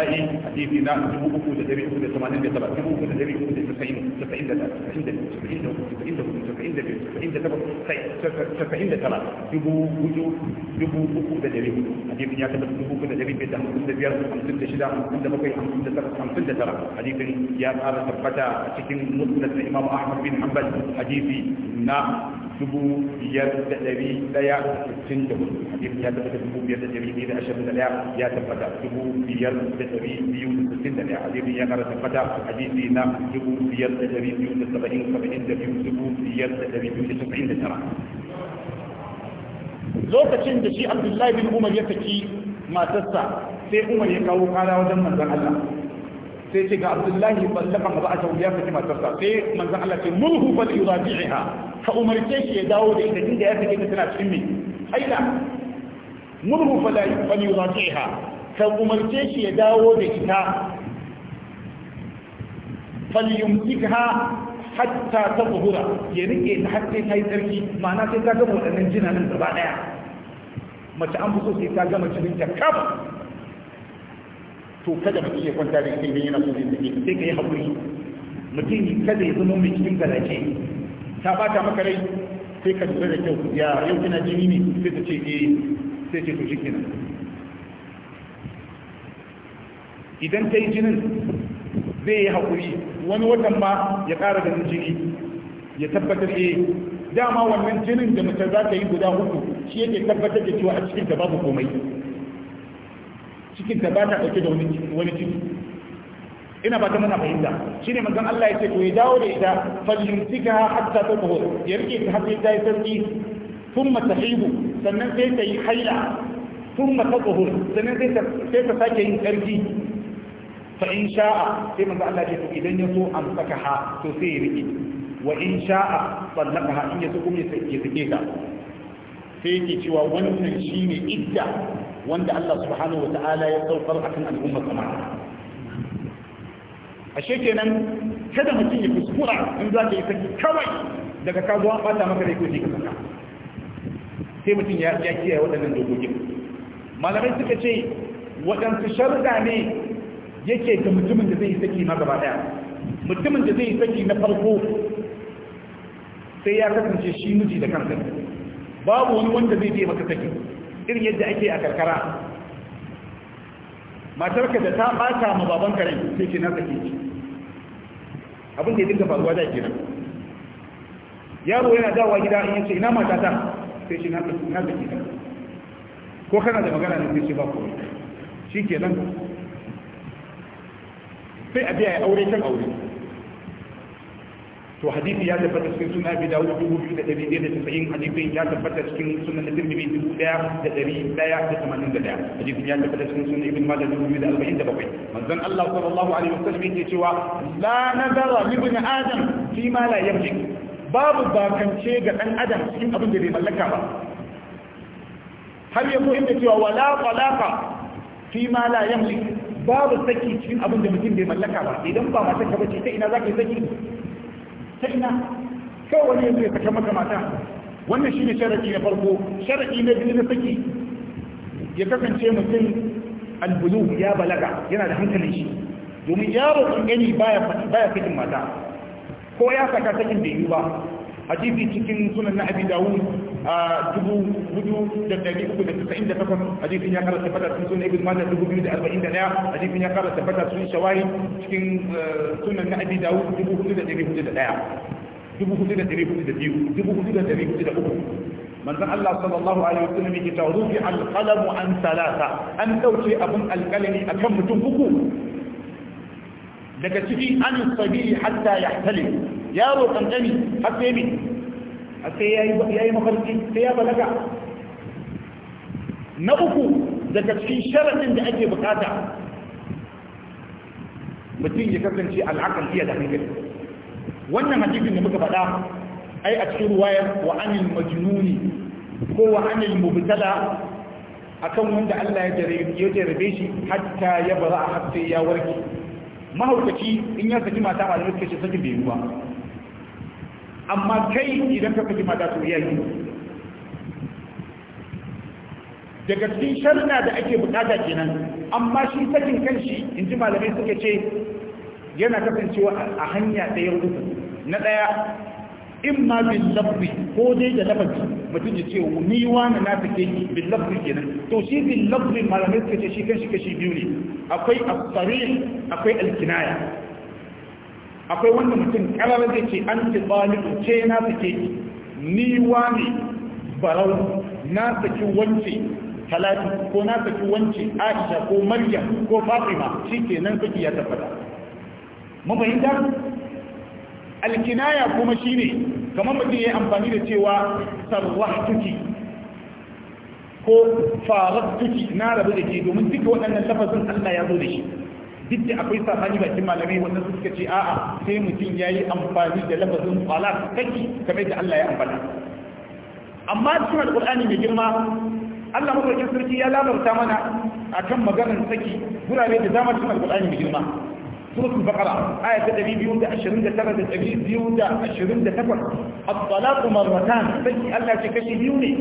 a cikin musnad na hadisi na dubu biyar da ɗari ɗaya da sittin da hudu hadisi ya tabbata dubu biyar da ɗari biyu da ashirin da ɗaya ya tabbata dubu biyar da ɗari biyu da sittin da ɗaya hadisi ya ƙara tabbata hadisi na dubu biyar da ɗari biyu da saba'in saba'in da biyu dubu biyar da ɗari biyu da saba'in da tara lokacin da shi abdullahi bin umar ya saki matarsa sai umar ya kawo kara wajen manzon allah sai ce ga abdullahi ballaka maza a shawuya saki matarsa sai manzan Allah ce murhu bal ha. ka umarce shi ya dawo da ita inda ya sake ta tana cikin me aida murhu bal ha. ka umarce shi ya dawo da ita falyumtikha hatta ta buhura, ya rike ta har sai kai sarki ma'ana sai ta gama wadannan jinanin gaba ɗaya. mace an fito sai ta gama cikin ta kaf to kada mu iya kwanta da kai yana so zai tafi sai ka yi haƙuri mutum kada ya zama mai cikin galace ta bata maka rai sai ka lura da kyau ya yau kina jini ne sai ta ce eh sai ce to shi kenan idan ta yi jinin zai yi haƙuri wani watan ma ya ƙara da jini ya tabbatar eh dama wannan jinin da mace za ta yi guda uku shi yake tabbatar da cewa a cikin da babu komai cikin ta ba ta dauke da wani ciki ina ba ta mana fahimta shine manzon Allah ya ce ko ya dawo da ita fallimtika hatta tuhur ya rike ta har sai ta yi sarki thumma tahibu sannan sai ta yi haila thumma tuhur sannan sai ta sai ta sake yin sarki fa in sha'a sai manzon Allah ya ce idan ya so an saka ha to sai ya rike wa in sha'a sallaka in ya so kuma ya sake ta sai yake cewa wannan shine idda wanda Allah subhanahu wa ta'ala ya saukar akan al'umma sama ashe kenan kada mutum ya kuskura in za ka yi saki kawai daga ka zo an maka rai ko ka saka sai mutum ya ya kiyaye waɗannan dokokin malamai suka ce waɗansu sharuɗa ne yake ga mutumin da zai yi saki ma gaba ɗaya mutumin da zai yi saki na farko sai ya kasance shi miji da kansa babu wani wanda zai je maka saki irin yadda ake a karkara matarka da ta bata ma baban kare sai ce na sake abin da ya dinga faruwa da kenan yaro yana dawowa gida in yace ina matata sai ce na sake ta ko kana da magana ne sai ce ba ke shikenan sai a biya ya aure kan aure to hadisi ya tabbata cikin suna bi da dubu biyu da dari ɗaya da tasa'in hadisin ya tabbata cikin suna na tirmidhi dubu ɗaya da ɗari ɗaya da tamanin da ɗaya hadisin ya tabbata cikin suna ibn majah dubu biyu da arba'in da bakwai manzon Allah sallallahu alaihi wasallam yake cewa la nazara li ibn adam fi ma la yamlik babu bakance ga dan adam cikin abin da bai mallaka ba har yanzu inda cewa wala talaqa fi ma la yamlik babu saki cikin abin da mutum bai mallaka ba idan ba matarka bace ta ina zaka yi saki ta ina kawai wani yanzu ya saka maka mata wannan shi ne sharaɗi na farko sharaɗi na biyu na saki ya kasance mutum albulu ya balaga yana da hankalin shi domin yaro ƙanƙani baya fitin mata ko ya saka sakin bai yi ba hadisi cikin sunan na abi dawud a dubu hudu da dari uku da tasa'in da takwas hadisin ya kara tabbata cikin sunan ibn majah dubu biyu da arba'in da daya hadisin ya kara tabbata cikin shawahi cikin sunan na abi dawud dubu hudu da dari hudu da daya dubu hudu da dari hudu da biyu dubu hudu da dari hudu da uku manzon Allah sallallahu alaihi wasallam yake ta rufi alqalam an salasa an dauke abun alqalami akan mutum uku daga ciki an sabili hatta ya tale yaro kankani har sai mai a sai ya yi mafarki sai ya balaga na uku daga cikin sharaɗin da ake bukata mutum ya kasance al'akal da hankali wannan hadisin da muka faɗa ai a cikin waya, wa anil majnuni ko wa anil mubtala akan wanda Allah ya jarabe shi hatta ya bara hatta ya warke mahaukaci in ya saki mata malamai suka ce sakin bai yi ba amma kai idan ka saki mata to ya yi daga cikin sharna da ake bukata kenan amma shi sakin kanshi in ji malamai suka ce yana kasancewa a hanya ɗaya yau na ɗaya in ma bin lafi ko dai da lafafi mutum ya ce ni wani na fi kai bin lafi kenan to shi bin lafi malamai suka ce shi kashi kashi biyu ne akwai asari akwai alkinaya akwai wanda mutum karar zai ce an ci balibu ce na fi kai ni wani barau na saki wance talatu ko na saki wance aisha ko maryam ko fatima shi kenan kake ya tabbata mu fahimta alkinaya kuma shine kamar mutum ya yi amfani da cewa sarrahtuki ko faratuki na rabu da ke domin duka waɗannan lafazin Allah ya zo da shi duk da akwai sabani bakin malamai wannan suka ce a'a sai mutum ya yi amfani da lafazin falak kaki kamar da Allah ya amfana amma cikin alƙur'ani mai girma Allah mafarkin sarki ya labarta mana akan maganar saki gurare da dama cikin alƙur'ani mai girma سورة البقرة آية تدري بيودا عشرين دترة تدري بيودا عشرين دترة الطلاق مرتان فكي ألا تكشي بيوني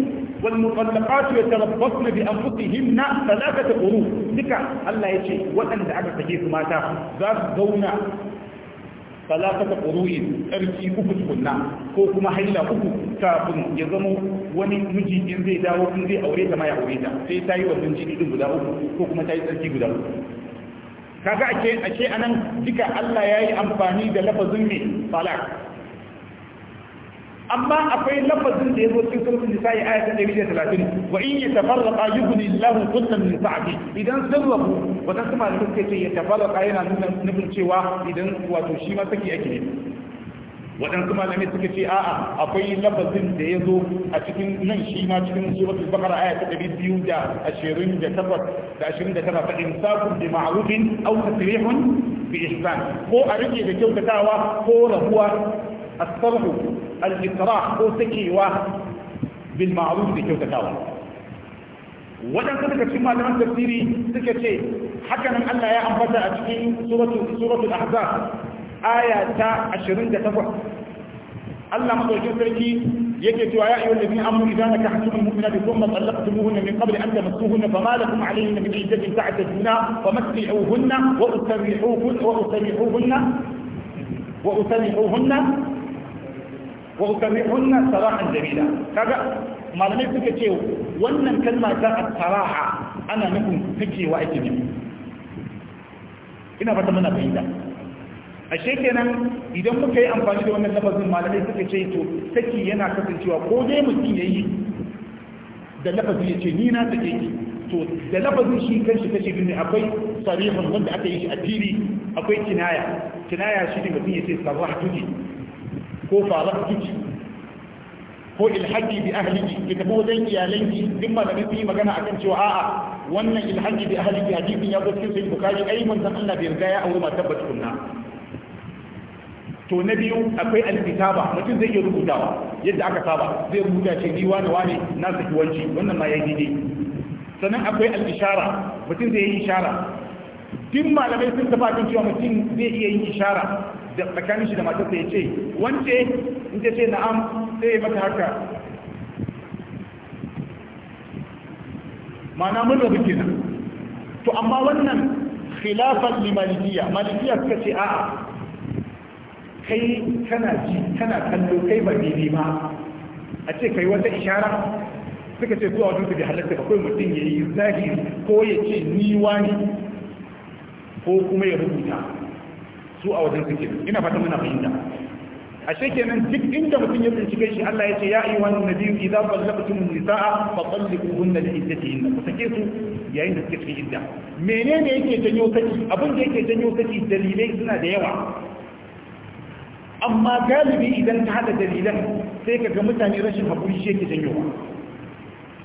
والمطلقات يتربصن بأنفسهن ثلاثة قروء ذكا ألا يشي وأن دعك تجيز ماتا ذات دونة ثلاثة قروء أركي أكت كنا كوكما حيلا أكت كافن يزمو وني نجي إنزي داو إنزي أوريتا ما يأوريتا سيتاي وزنجي إذن بداو كوكما تاي تركي بداو kaga ake ake anan duka Allah yayi amfani da lafazin ne talak amma akwai lafazin da yazo cikin suratul nisa'i ayat 130 wa in yatafarraqa yughni Allahu kullam min sa'ati idan sarrafu wadan kuma suke ce yatafarraqa yana nuna nufin cewa idan wato shi ma saki ake ne waɗansu malamai suka ce a'a akwai lafazin da ya zo a cikin nan shi ma cikin suratul baqara aya ta 228 da 29 fa insakum bi ma'rufin aw tasrihun bi ihsan ko a rike da kyautatawa ko rabuwa as sarhu al-ikrah ko sakewa bil ma'ruf da kyautatawa waɗansu daga cikin malaman tafsiri suka ce hakanan Allah ya ambata a cikin suratul suratul ahzab aya ta 28 Allah madaukin sarki yake cewa ya ayyuhal ladina amanu idan nakahtumul mu'minati thumma talaqtumuhunna min qabli an tamassuhunna fama lakum alayhinna min iddatin ta'tadduna famatti'uhunna wa usrihuhunna wa usrihuhunna wa usrihuhunna wa usrihuhunna sarahan jamila kaga malamai suka ce wannan kalma ta saraha ana nufin fikewa ake nufi ina fata muna fahimta A kenan idan muka yi amfani da wannan lafazin malamai suka ce to saki yana kasancewa ko dai mutum ya yi da lafazin ya ce ni na sake ki to da lafazin shi kan shi kashe ne akwai sarihun wanda aka yi shi a fili akwai kinaya kinaya shi ne mutum ya ce sarrahtu ki ko farahtu ki ko ilhaji bi ahliki ki tafi wajen iyalanki duk malamai sun yi magana akan cewa a'a wannan ilhaji bi ahliki hadisin ya zo cikin sahih bukhari ai san Allah bai riga ya aure matar ba kunna. to na biyu akwai alkitaba mutum zai iya rubutawa yadda aka saba zai rubuta ce ni wani wani na saki wanci wannan ma ya yayi daidai sannan akwai al-ishara mutum zai yi ishara duk malamai sun tafi kan cewa mutum zai iya yin ishara da tsakanin shi da matarsa ya ce wance in ta ce na'am sai ya mata haka ma'ana mun rabu kenan to amma wannan khilafan li malikiya suka ce a'a kai kana ji kana kallo kai ba bibi ma a ce kai wata ishara suka ce zuwa wajen su bi halatta akwai mutum ya yi zahiri ko ya ce niwa ne ko kuma ya rubuta su a wajen suke ina fata muna fahimta ashe kenan duk inda mutum ya bincike shi Allah ya ce ya ayyuhan nabiyyu idza ballaqtum nisaa fa talliquhunna li iddatihinna ku sake su yayin da suke cikin idda menene yake janyo saki abin da yake janyo saki dalilai suna da yawa amma galibi idan ta hada dalilan sai ka ga mutane rashin haƙuri shi yake janyo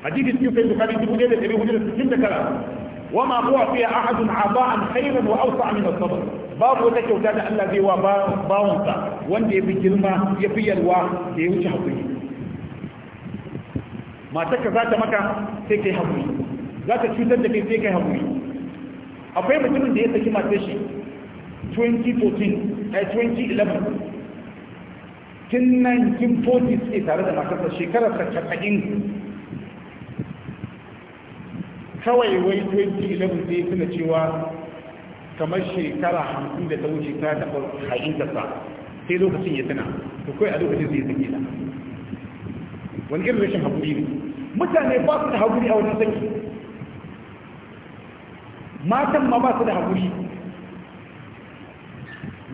hadisi cikin kai bukari dubu ɗaya da ɗari hudu da sittin da kara wa ma kuwa fiye ahadun aba'an khairan wa ausa min as-sabr babu wata kyauta da Allah zai wa bawansa wanda ya fi girma ya fi yalwa da ya wuce haƙuri matarka za ta maka sai kai haƙuri za ta cutar da kai sai kai haƙuri akwai mutumin da ya saki matar shi 2014 2011 tun 1940 suke tare da makasa shekarar ta casa'in kawai wai 2011 zai suna cewa kamar shekara hamsin da ta wuce ta taɓa sa, sai lokacin ya tuna to kawai a lokacin zai zai gina wani irin rashin haƙuri ne mutane ba su da haƙuri a wajen saki matan ma ba su da haƙuri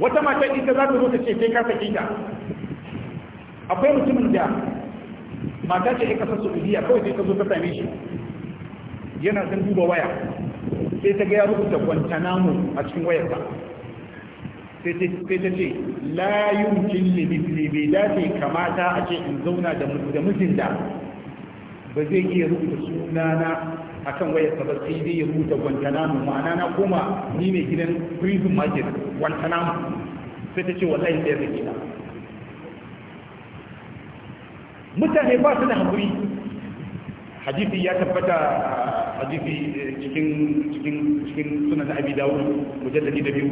wata mata ita za ta zo ta ce sai ka sake ta akwai mutumin da mata ce ya sassu saudiya kawai sai ka zo ta same shi yana zan duba waya sai ta gaya rubuta guantanamo a cikin wayarsa sai ta ce la yumkin limitli bai dace kamata a ce in zauna da mijin da ba zai iya rubuta sunana a kan wayarsa ba sai dai ya rubuta guantanamo ma'ana na koma ni mai gidan prison market guantanamo sai ta ce wallahi ɗaya ya gina mutane ba su da haƙuri hadisi ya tabbata hadisi cikin cikin cikin sunan abi dawud mujalladi da biyu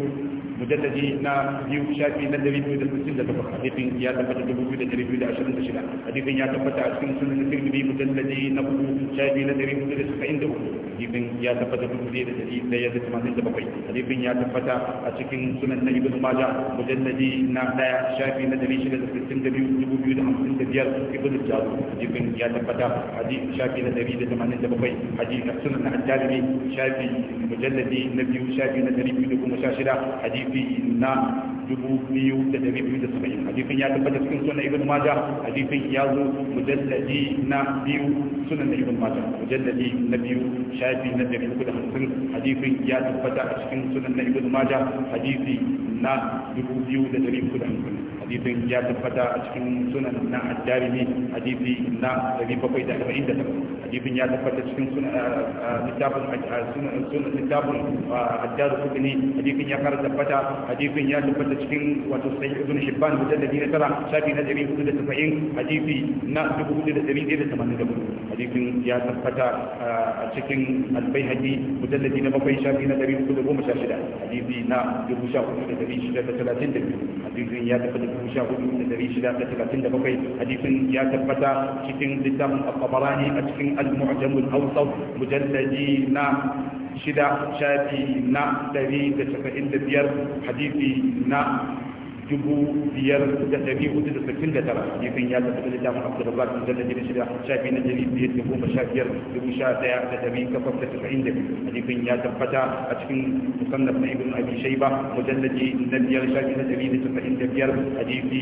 mujalladi na biyu shafi na dari biyu da sittin da takwas hadisin ya tabbata dubu biyu da dari biyu da ashirin da shida hadisin ya tabbata a cikin sunan tirmidhi mujalladi na uku shafi na dari hudu da saba'in da uku hadisin ya tabbata dubu biyu da dari daya da tamanin da bakwai hadisin ya tabbata a cikin sunan na ibnu majah mujalladi na daya shafi na dari shida da sittin da biyu dubu biyu da hamsin da biyar ibnu jazz hadisin ya tabbata hadisi shafi na dari da tamanin da bakwai hadisi sunan na addarimi shafi na biyu shafi na dari biyu da kuma sha shida hadisi na dubu biyu da dari biyu da saba'in hadisin ya tabbata cikin sunan ibn maja hadisin ya zo mujalladi na biyu sunan na ibn maja na biyu shafi na dari uku da hamsin hadisin ya tabbata a cikin sunan na dubu biyu da dari da hadisin ya tabbata a cikin sunan na addarimi hadisi na 748 hadisin ya tabbata cikin sunan littafin addaru kudini hadisin ya kara tabbata hadisin ya tabbata cikin wato sai ibn hibban mujalladi na tara shafi na 470 hadisi na 4184 hadisin ya tabbata a cikin albaihaqi mujalladi na bakwai shafi na 416 hadisi na 1432 hadisin ya tabbata 14637 hadisin ya tabbata cikin littafin al-tabarani a cikin al-mu'jam al-awsat mujalladi na shida shafi na hadisi na dubu biyar da ɗari hudu da sittin da tara gefen ya tafi da damar abdulrazak da da jiri shida sha biyu na jiri biyar da goma sha biyar dubu sha ɗaya da ɗari takwas da tasa'in da biyu gefen ya tabbata a cikin musannaf na ibn abi shaiba mujallaji na biyar sha biyu na ɗari da tasa'in da biyar a gefe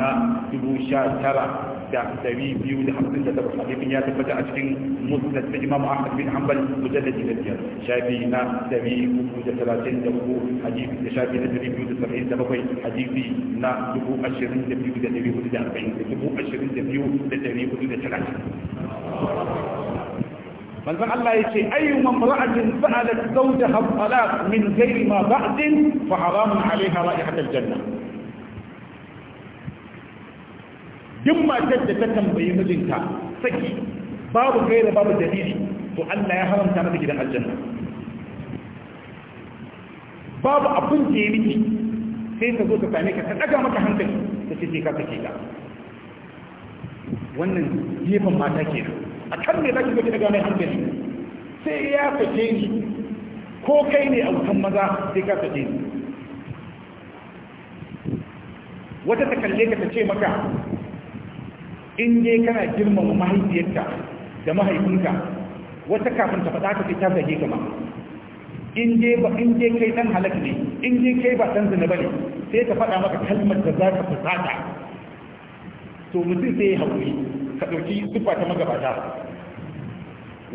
na dubu sha tara da ɗari biyu da hamsin da takwas gefen ya tabbata a cikin musnad na imam ahmad bin hanbal mujallaji na biyar sha biyu na ɗari uku da talatin da uku a gefe da sha biyu na ɗari biyu da saba'in da bakwai a gefe fi na dubu ashirin da biyu da ɗari hudu da arba'in da dubu ashirin da biyu da ɗari hudu da talatin manzon Allah ya ce ayyu mamra'atin sa'alat da talaq min ghairi ma ba'din fa haramun 'alayha ra'ihat al-janna duk matar da ta tambayi mijinta saki babu gaira babu dalili to Allah ya haramta mata gidan aljanna babu abin da ya miki sai ka zo ka same ka ta daga maka hankali ta ce sai ka kace ka wannan gefen mata kenan a kan ne zaki gaji daga mai hankali sai ya kace ni ko kai ne a wutan maza sai ka kace ni wata ta kalle ka ta ce maka in je kana girmama mahaifiyarka da mahaifinka wata kafin ta faɗa ka sai ta zage ka ma in je ba in je kai dan halak ne in je kai ba dan zina bane sai ka faɗa maka kalmar da za ka fusata to mutum sai ya haƙuri ka ɗauki siffa ta magabata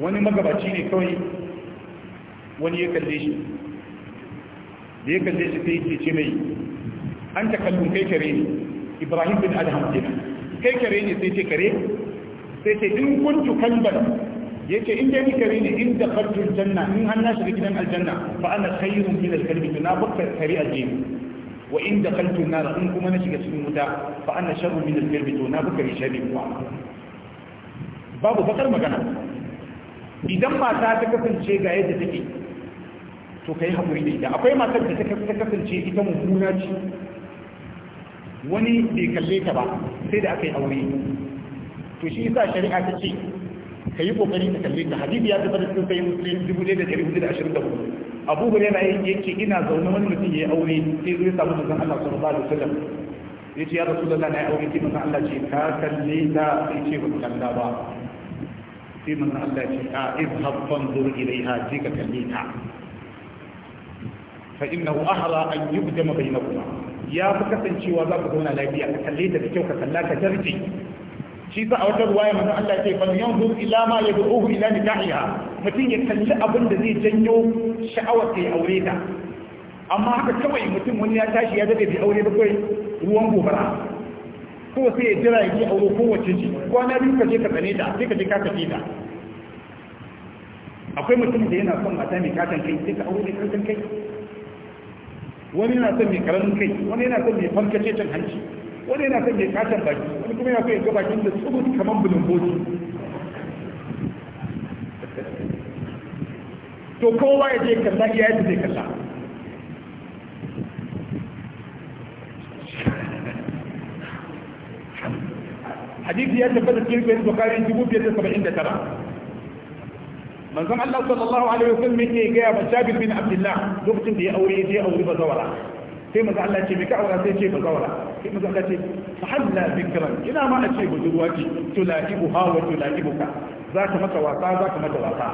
wani magabaci ne kawai wani ya kalle shi da ya kalle shi sai yake ce mai an ta kallon kai kare ne ibrahim bin adham kai kare ne sai ce kare sai ce in kuntu kalban yace in dai kare ne in da kharjul janna in har na shiga gidan aljanna fa ana khayrun min al-kalbi na bakka kare aljanna wa in da kharjul nar in kuma na shiga cikin wuta fa ana sharrun min al-kalbi na bakka sharri kuwa babu bakar magana idan mata ta kasance ga yadda take to kai hakuri da ita akwai matar da ta kasance ita mummuna ce wani bai kalle ta ba sai da aka yi aure to shi yasa shari'a ta ce ka yi kokari ka kalli ta hadisi ya tabbata cikin sai muslim dubu ɗaya da ɗari hudu da ashirin da hudu abu hurairah yake ina zaune wani mutum ya yi aure sai zai samu manzon Allah sallallahu da wasallam ya ce ya rasu da na aure sai manzon Allah ce ka kalli ta sai ce ba kalla ba sai manzon Allah ce a izhab fanzur ilaiha ji ka kalli ta fa innahu ahra an yubdama kuma. ya fi kasancewa za ku zauna lafiya ka kalle ta da kyau ka kalla ka jarje shi sa a wata ruwaya manzo Allah ya ce fal yanzur ila ma yad'uhu ila nikahiha mutum ya kalli abin da zai janyo sha'awar ta aure ta amma haka kawai mutum wani ya tashi ya zabe bai aure ba kai ruwan gobara ko sai ya jira yake aure kowace ce kwana biyu ka je ka tsane ta sai ka je ka kace ta akwai mutum da yana son mata mai katon kai sai ka aure mai katon kai wani yana son mai karamin kai wani yana son mai farkacecen hanci wani yana son ya katon baki wani kuma yana son ya ga bakin da tsubut kamar bulumboti to kowa ya je kalla iya yadda zai kalla hadisi ya tabbata cikin bayan bukari dubu biyar da saba'in da tara manzon Allah sallallahu alaihi wasallam ke gaya ma Jabir bin Abdullah lokacin da ya aure ya aure zawara sai maza Allah ce mai ka aura sai ce ba zaura sai maza Allah ce fa halla bikran ina ma a ce budurwa ce tulaibu ha wa tulaibuka za ka maka wasa za ka mata wasa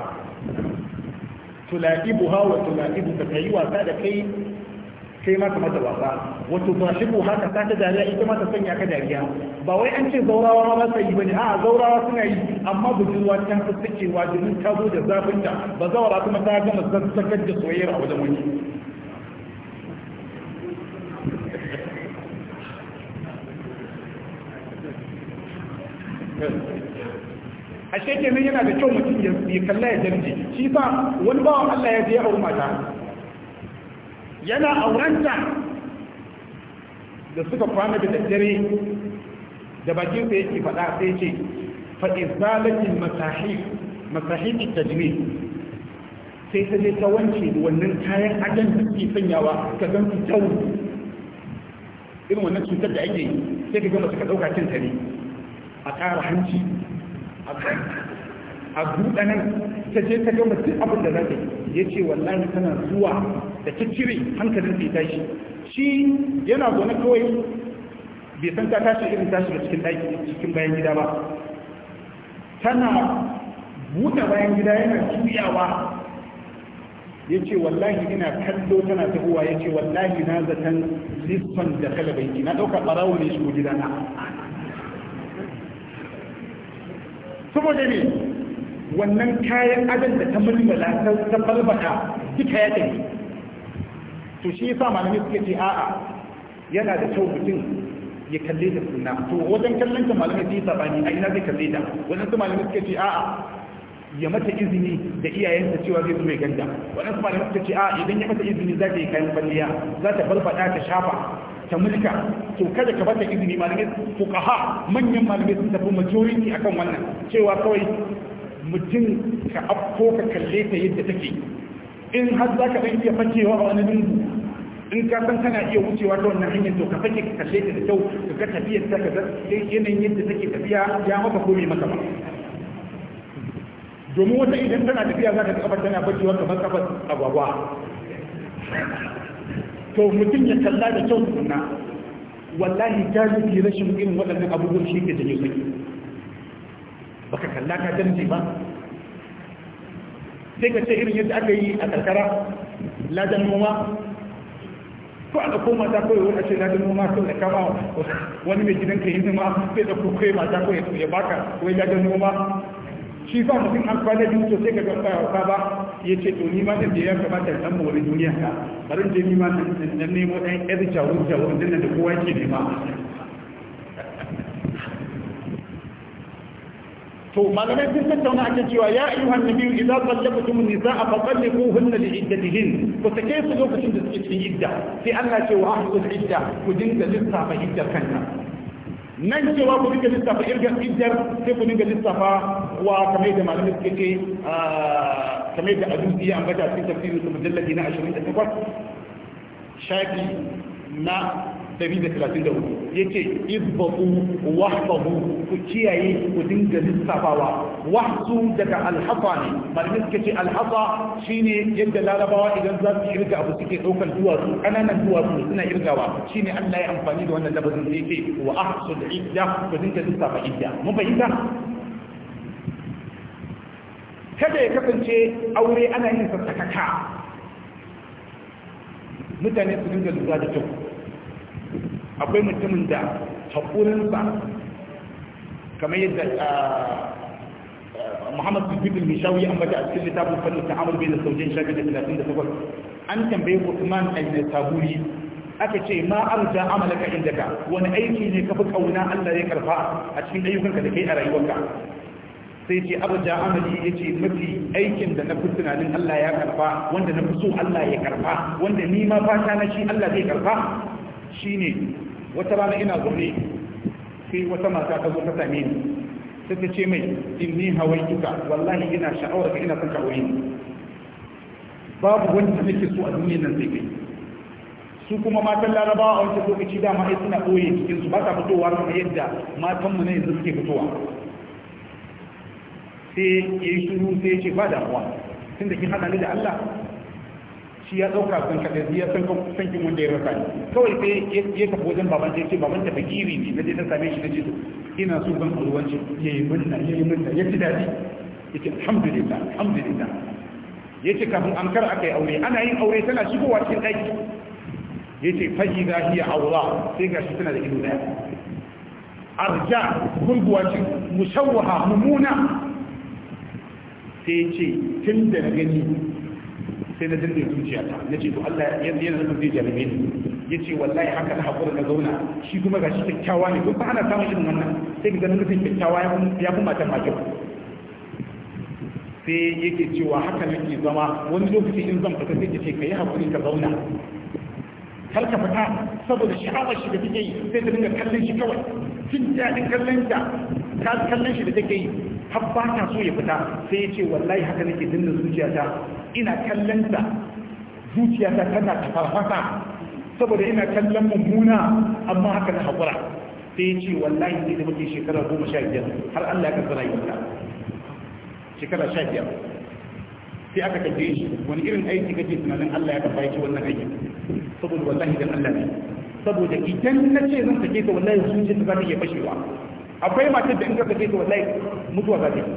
tulaibu ha wa ka yi wasa da kai kai ma ka mata wasa wato ba shi ka haka ta dariya ita ma ta sanya ka dariya ba wai an ce zaurawa ma ba yi bane a'a zaurawa suna yi amma budurwa ta fi sakewa domin ta zo da zafinta ba kuma ta gama zazzakar da soyayya a wajen wani Ashe ke ne yana da kyau mutum ya kalla ya jarje shi ba wani bawan Allah ya je auri mata yana auranta da suka kwana da daddare da bakin sa yake faɗa sai ce fa izalatin masahi masahif tajmi sai ta je ta wanke wannan kayan ajan da suke sanyawa ka san su tawo irin wannan cutar da ake yi sai ka ga mace ka ɗauka cin tare a ƙara hanci a buɗe ta je ta gama duk abin da za ta ya ce wallahi tana zuwa da ta cire hankalin ta tashi shi yana zaune kawai bai san ta tashi irin tashi da cikin ɗaki cikin bayan gida ba tana buɗe bayan gida yana juyawa ya ce wallahi ina kallo tana tahowa ya ce wallahi na zaton lisbon da kalabai na ɗauka ɓarawo ne shigo gidana saboda ne wannan kayan adam da ta mulmula ta balbata duka ya ɗari, to shi yasa malami suke ce a'a yana da kyau mutum ya kalle da sunna to wajen kallon ta su sai sabani a ina zai kalle da wannan su malami suke ce a'a ya mata izini da iyayensa cewa zai zuwa ganda wannan su malami suke ce a'a idan ya mata izini za ta yi kayan balliya, za ta balbata ta shafa ta mulka to kada ka bata izini malamai fuqaha manyan malamai sun tafi majority akan wannan cewa kawai mutum ka afko ka kalle ta yadda take in har za ka iya fakewa a wani lungu in ka san kana iya wucewa ta wannan hanyar to ka fake ka kalle ta da kyau ka ga tafiyar ta ka ga yanayin yadda take tafiya ya maka ko bai maka ba domin wata idan tana tafiya za ka ga kafar tana fakewa kamar kafar agwagwa to mutum ya kalla da kyau tukunna wallahi jahilci rashin irin waɗannan abubuwan shi ke janyo saki baka kalla ka danji ba sai ka ce irin yadda aka yi a karkara ladan noma ko a ɗauko mata kawai wani ce ladan noma sau da kama wani mai gidan ka yi noma sai da ko kai mata kawai ya baka wai ladan noma shi sa mutum an kwana biyu to sai ka ga wata ba ya ce to ni ma zan je ya kamata dan wani duniya ka bari je ni ma dan nemo ɗan yar jawon jawon din da kowa ke nema to malamai sun tattauna akan cewa ya biyu, idan ayyuhan ne ko sallabtum da fa talliquhunna li iddatihin ku sake su lokacin da suke cikin idda sai Allah ce wa ahsul idda ku dinga lissafa iddar kanka nan cewa ku dinga lissafa irgar ijar sai ku dinga lissafa wa kamar da malamin suke ce kamar da azuzi ya ambata cikin tafsirin su mujallati na 28 shafi na da da 134 yace izbatu wahfahu ku kiyaye ku dinga lissafawa wahsu daga alhafa ne malamin suka ce alhafa shine yadda larabawa idan za su irga abu suke daukar duwatsu ƙananan duwatsu suna irgawa shine Allah ya amfani da wannan labarin da yake wa da idda ku dinga lissafa idda mun fahimta. kada ya kasance aure ana yin sa sakaka mutane su dinga lura da kyau akwai mutumin da haƙurinsa kamar yadda ah, ah, muhammad bibin mishawi an bata a cikin littafin fannin ta'amur bai da saujin shafi da talatin da takwas an tambayi usman ainihin taburi aka ce ma arja amalaka indaka wani aiki ne ka fi kauna allah ya karfa a cikin ayyukanka da kai a rayuwarka sai ce arja amali ya ce mafi aikin da na fi tunanin allah ya karfa wanda na fi so allah ya karfa wanda ni ma fata na shi allah zai karfa shine wata rana ina zaune sai wata mata ta zo ta same ni sai ta ce mai inni hawaituka wallahi ina sha'awar ka ina son ka aure babu wanda nake so a duniyar nan sai kai su kuma matan larabawa a wancan lokaci dama ai suna ɓoye cikin su ba ta fitowa kamar yadda matan mu na yanzu suke fitowa sai ya yi shiru sai ya ce ba damuwa tunda kin hana ni da Allah shi ya ɗauka sun kaɗe ya san san kin wanda ya rasa ni kawai sai ya tafi wajen baban ta ce baban ta fakiri ne na je ta same shi na ce ina so ban alwanci ya yi munna ya yi munna ya ci daɗi ya ce alhamdulillah alhamdulillah ya ce kafin an kar aka yi aure ana yin aure tana shigowa cikin ɗaki ya ce faji za hiya aura sai ga shi tana da ido ɗaya arja gurguwa ce musawwaha mummuna sai ce tun da gani sai na dinga zuciya ta na ce to Allah yanzu yanzu zai jarabe ni ya ce wallahi haka na haƙura na zauna shi kuma ga shi kyakkyawa ne kuma ana samun irin wannan sai ga ganin mutum kyakkyawa ya fi matan ma kyau sai yake cewa haka nake zama wani lokaci in zan fita sai ce kai haƙuri ka zauna kar ka fita saboda sha'awar shi da take yi sai ta dinga kallon shi kawai jin daɗin kallon ta kallon shi da take yi har ba ta so ya fita sai ya ce wallahi haka nake zuciya ta. ina kallon sa ta tana tafarfasa saboda ina kallon mummuna amma haka na haƙura sai ce wallahi sai da muke shekara goma sha biyar har Allah ya karɓi rayuwarsa shekara sha biyar sai aka kalle shi wani irin aiki kake tunanin Allah ya karɓa shi wannan aiki. saboda wallahi dan Allah ne saboda idan na ce zan sake ta wallahi zuciyarta za ta iya fashewa akwai matar da in ka sake ta wallahi mutuwa za ta yi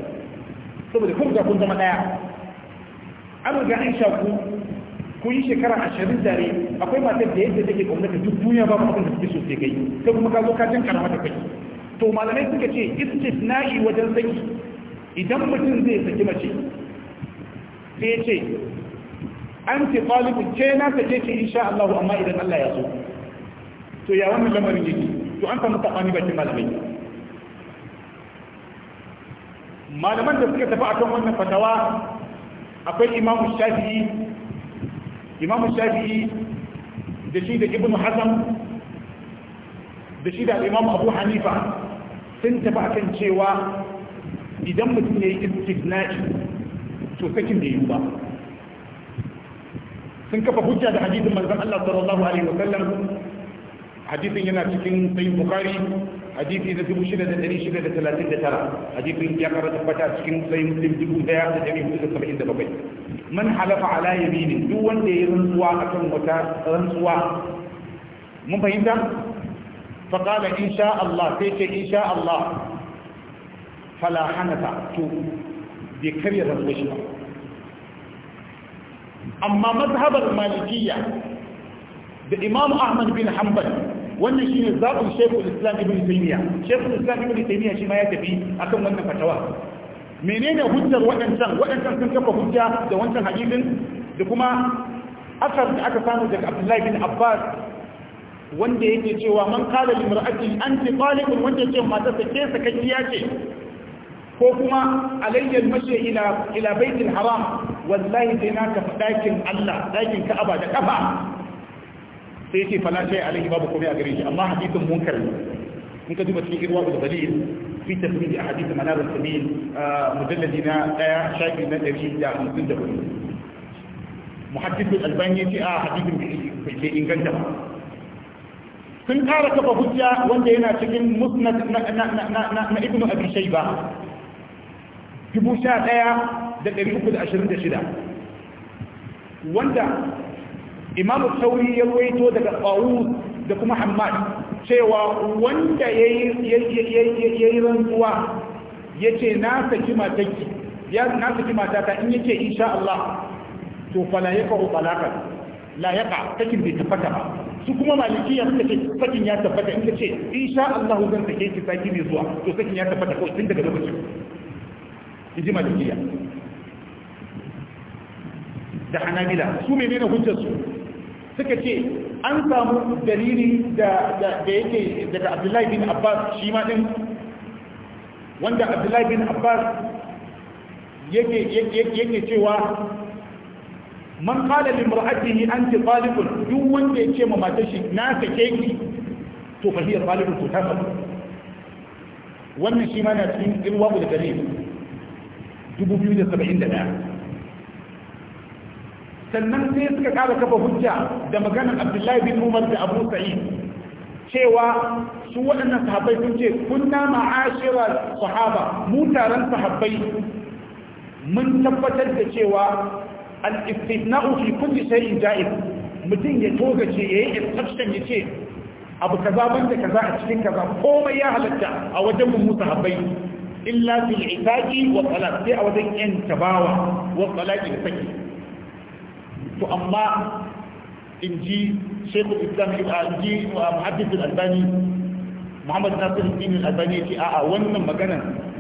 saboda kun ga kun zama daya an riga an shaku kun yi shekara ashirin dare, akwai matar da yadda take gwamnati duk duniya ba abin da suke so sai kai sai kuma ka zo ka jan karama da kai to malamai suka ce na'i wajen saki idan mutum zai saki mace sai ce an ce talibu ce na ta ce insha Allah amma idan Allah ya so to ya wani lamarin yake to an samu tafani bakin malamai malaman da suka tafi akan wannan fatawa akwai imamu shafi'i imamu shafi'i da shi da ibnu hazam da shi da Imam abu hanifa sun tafi kan cewa idan mutum ya yi istisna'i to sakin da yi ba sun kafa hujja da hadisin manzon Allah sallallahu alaihi wa sallam hadisin yana cikin sahih bukhari hadisi na dubu shida da dari shida da talatin da tara hadisin ya kara tabbata cikin sahih muslim dubu daya da dari hudu da saba'in da bakwai man halafa ala yamini duk wanda ya rantsuwa akan wata rantsuwa mun fahimta faqala insha Allah sai ce insha Allah fala hanata to bai karya rantsuwa shi ba amma mazhabar malikiya. da imam ahmad bin hanbal wannan shine zaɓin shekul islam ibn taymiya shekul islam ibn taymiya shi ma ya tafi akan wannan fatawa menene hujjar waɗancan waɗancan sun kafa hujja da wancan hadisin da kuma asar da aka samu daga abdullahi bin abbas wanda yake cewa man kala limra'ati anti talibun wanda yake mata ta ke sakakkiya ce ko kuma alayya mashi ila ila baitul haram wallahi sai na ka dakin Allah dakin Ka'aba da kafa sai ce fala shay alaihi babu komai a gare shi amma hadisin munkar ne in ka duba cikin irwa da dalil fi tafsiri a hadisin manar sabil mujalladi na daya shafi na dari da hamsin 154 muhaddith al-albani ce a hadisin da bai inganta ba sun kara kafa hujja wanda yana cikin musnad na na na na ibnu abi shayba dubu sha daya da ɗari uku da ashirin da shida wanda imamu sauri ya ruwaito daga tsawus da kuma hammad cewa wanda ya yi rantsuwa ya ce na saki matanki ya na saki matata in yake insha Allah to fala ya kawo balaka la ya ka sakin bai tabbata ba su kuma maliki ya suka ce sakin ya tabbata in ka ce insha Allah zan sake ki saki mai zuwa to sakin ya tabbata ko tun daga lokacin ji malikiya da hanabila su menene hujjar su suka ce an samu dalili da yake daga abdullahi bin abbas shi ma din wanda abdullahi bin abbas yake cewa man kala lil mar'atihi anti talibun duk wanda yake ma mata shi na sake ki to fa hiya talibun to ta wannan shi ma na cikin irwa da dalili 2071 sannan sai suka kara kafa hujja da maganar abdullahi bin umar da abu sa'id cewa su waɗannan sahabbai sun ce kunna ma'ashira sahaba mu taron sahabbai mun tabbatar da cewa al-istisna'u fi kulli shay'in ja'iz mutum ya togace yayi exception yace abu kaza banda kaza a cikin kaza komai ya halatta a wajen mu sahabbai illa fil itaqi wa talaq sai a wajen yan tabawa wa talaqi da saki to amma in ji shekul islam a ji uh, muhaddis al-albani muhammad nasir al-din albani ya ce a'a wannan magana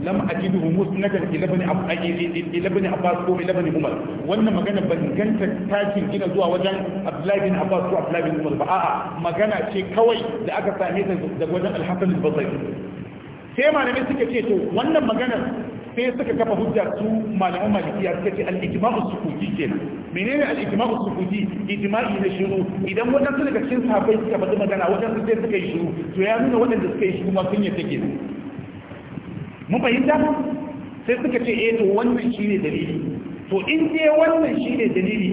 lam ajiduhu musnadan ila ibn abbas ila ibn abbas ko ila ibn umar wannan magana ban ganta takin gina zuwa wajen abdullahi bin abbas ko abdullahi bin umar ba a'a magana ce kawai da aka same ta daga wajen al-hasan al-basri sai malamai suka ce to wannan maganar sai suka kafa hujjar su malaman malikiya suka ce al-ijma'u sukuti kenan menene al-ijma'u sukuti ijma'i na shiru idan wadansu daga cin sahabbai suka faɗi magana wadansu sai suka yi shiru to ya nuna wadanda suka yi shiru ma sun yi take mun fahimta sai suka ce eh to wannan shine dalili to in dai wannan shine dalili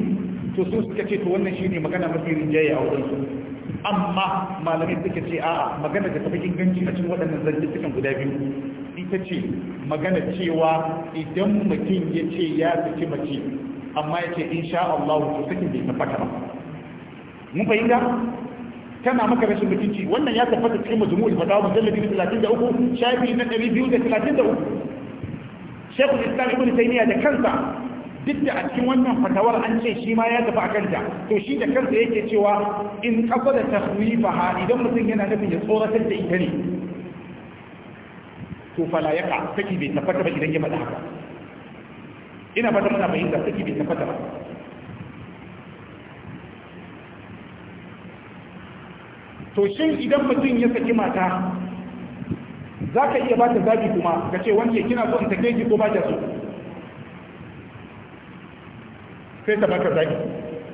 to su suka ce to wannan shine magana mafi rinjaye a wurin su amma malamai suka ce a'a magana da tafi inganci a cikin waɗannan zanjin guda biyu ita ce magana cewa idan mutum ya ce ya saki mace amma ya ce insha Allah to sakin bai tabbata ba mun fahimta tana maka rashin mutunci wannan ya tabbata cikin majmu'ul fatawa mujalladi 33 shafi na 233 Sheikhul Islam Ibn Taymiyyah da kansa duk da a cikin wannan fatawar an ce shi ma ya tafi a kanta to shi da kansa yake cewa in kafa da tahwifaha idan mutum yana nufin ya tsoratar da ita ne to fa la yaka saki bai tabbata ba idan ya faɗa haka ina fata muna fahimta saki bai tabbata ba to shin idan mutum ya saki mata za ka iya ba ta zabi kuma ka ce wance kina so in take ki ko ba ta so sai ta baka zabi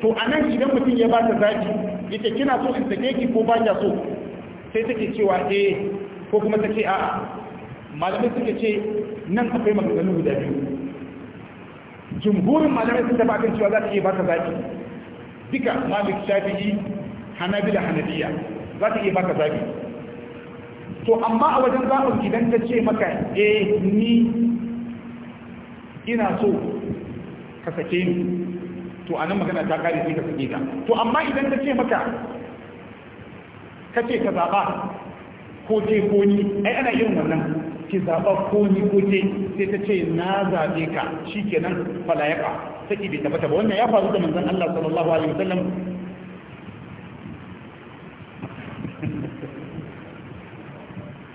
to a nan idan mutum ya ba ta zabi yace kina so in take ki ko ba ta so sai take cewa eh ko kuma take a'a malamai suka ce nan akwai maganganu guda biyu jumhurin malamai sun tafi cewa za ta iya baka zaki duka malik shafi'i hanabila hanabiya za ta iya baka zaki to amma a wajen zaɓin idan ta ce maka eh ni ina so ka sake ni to anan magana ta kare sai ka sake ta to amma idan ta ce maka kace ka zaɓa ko ce ko ni ai ana irin wannan ki zaɓa ko ni ko ce sai ta ce na zaɓe ka shi kenan falayaka saki bai tabbata ba wannan ya faru da manzon Allah sallallahu alaihi wasallam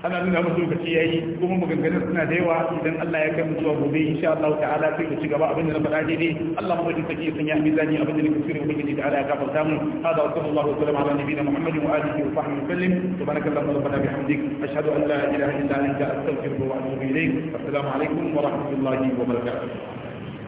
ana nuna musu lokaci yayi kuma maganganun suna da yawa idan Allah ya kai mu zuwa gobe insha Allah ta'ala sai mu ci gaba abin da na faɗa daidai Allah mu bari take sun ya mizani abin da nake sirri ubangiji da Allah ya gafarta mu hada wa sallallahu alaihi wa sallam ala nabiyina Muhammad wa alihi wa sahbihi sallim subhanaka allahumma rabbana bihamdik ashhadu an la ilaha illa anta astaghfiruka wa atubu ilayk assalamu alaikum wa rahmatullahi wa barakatuh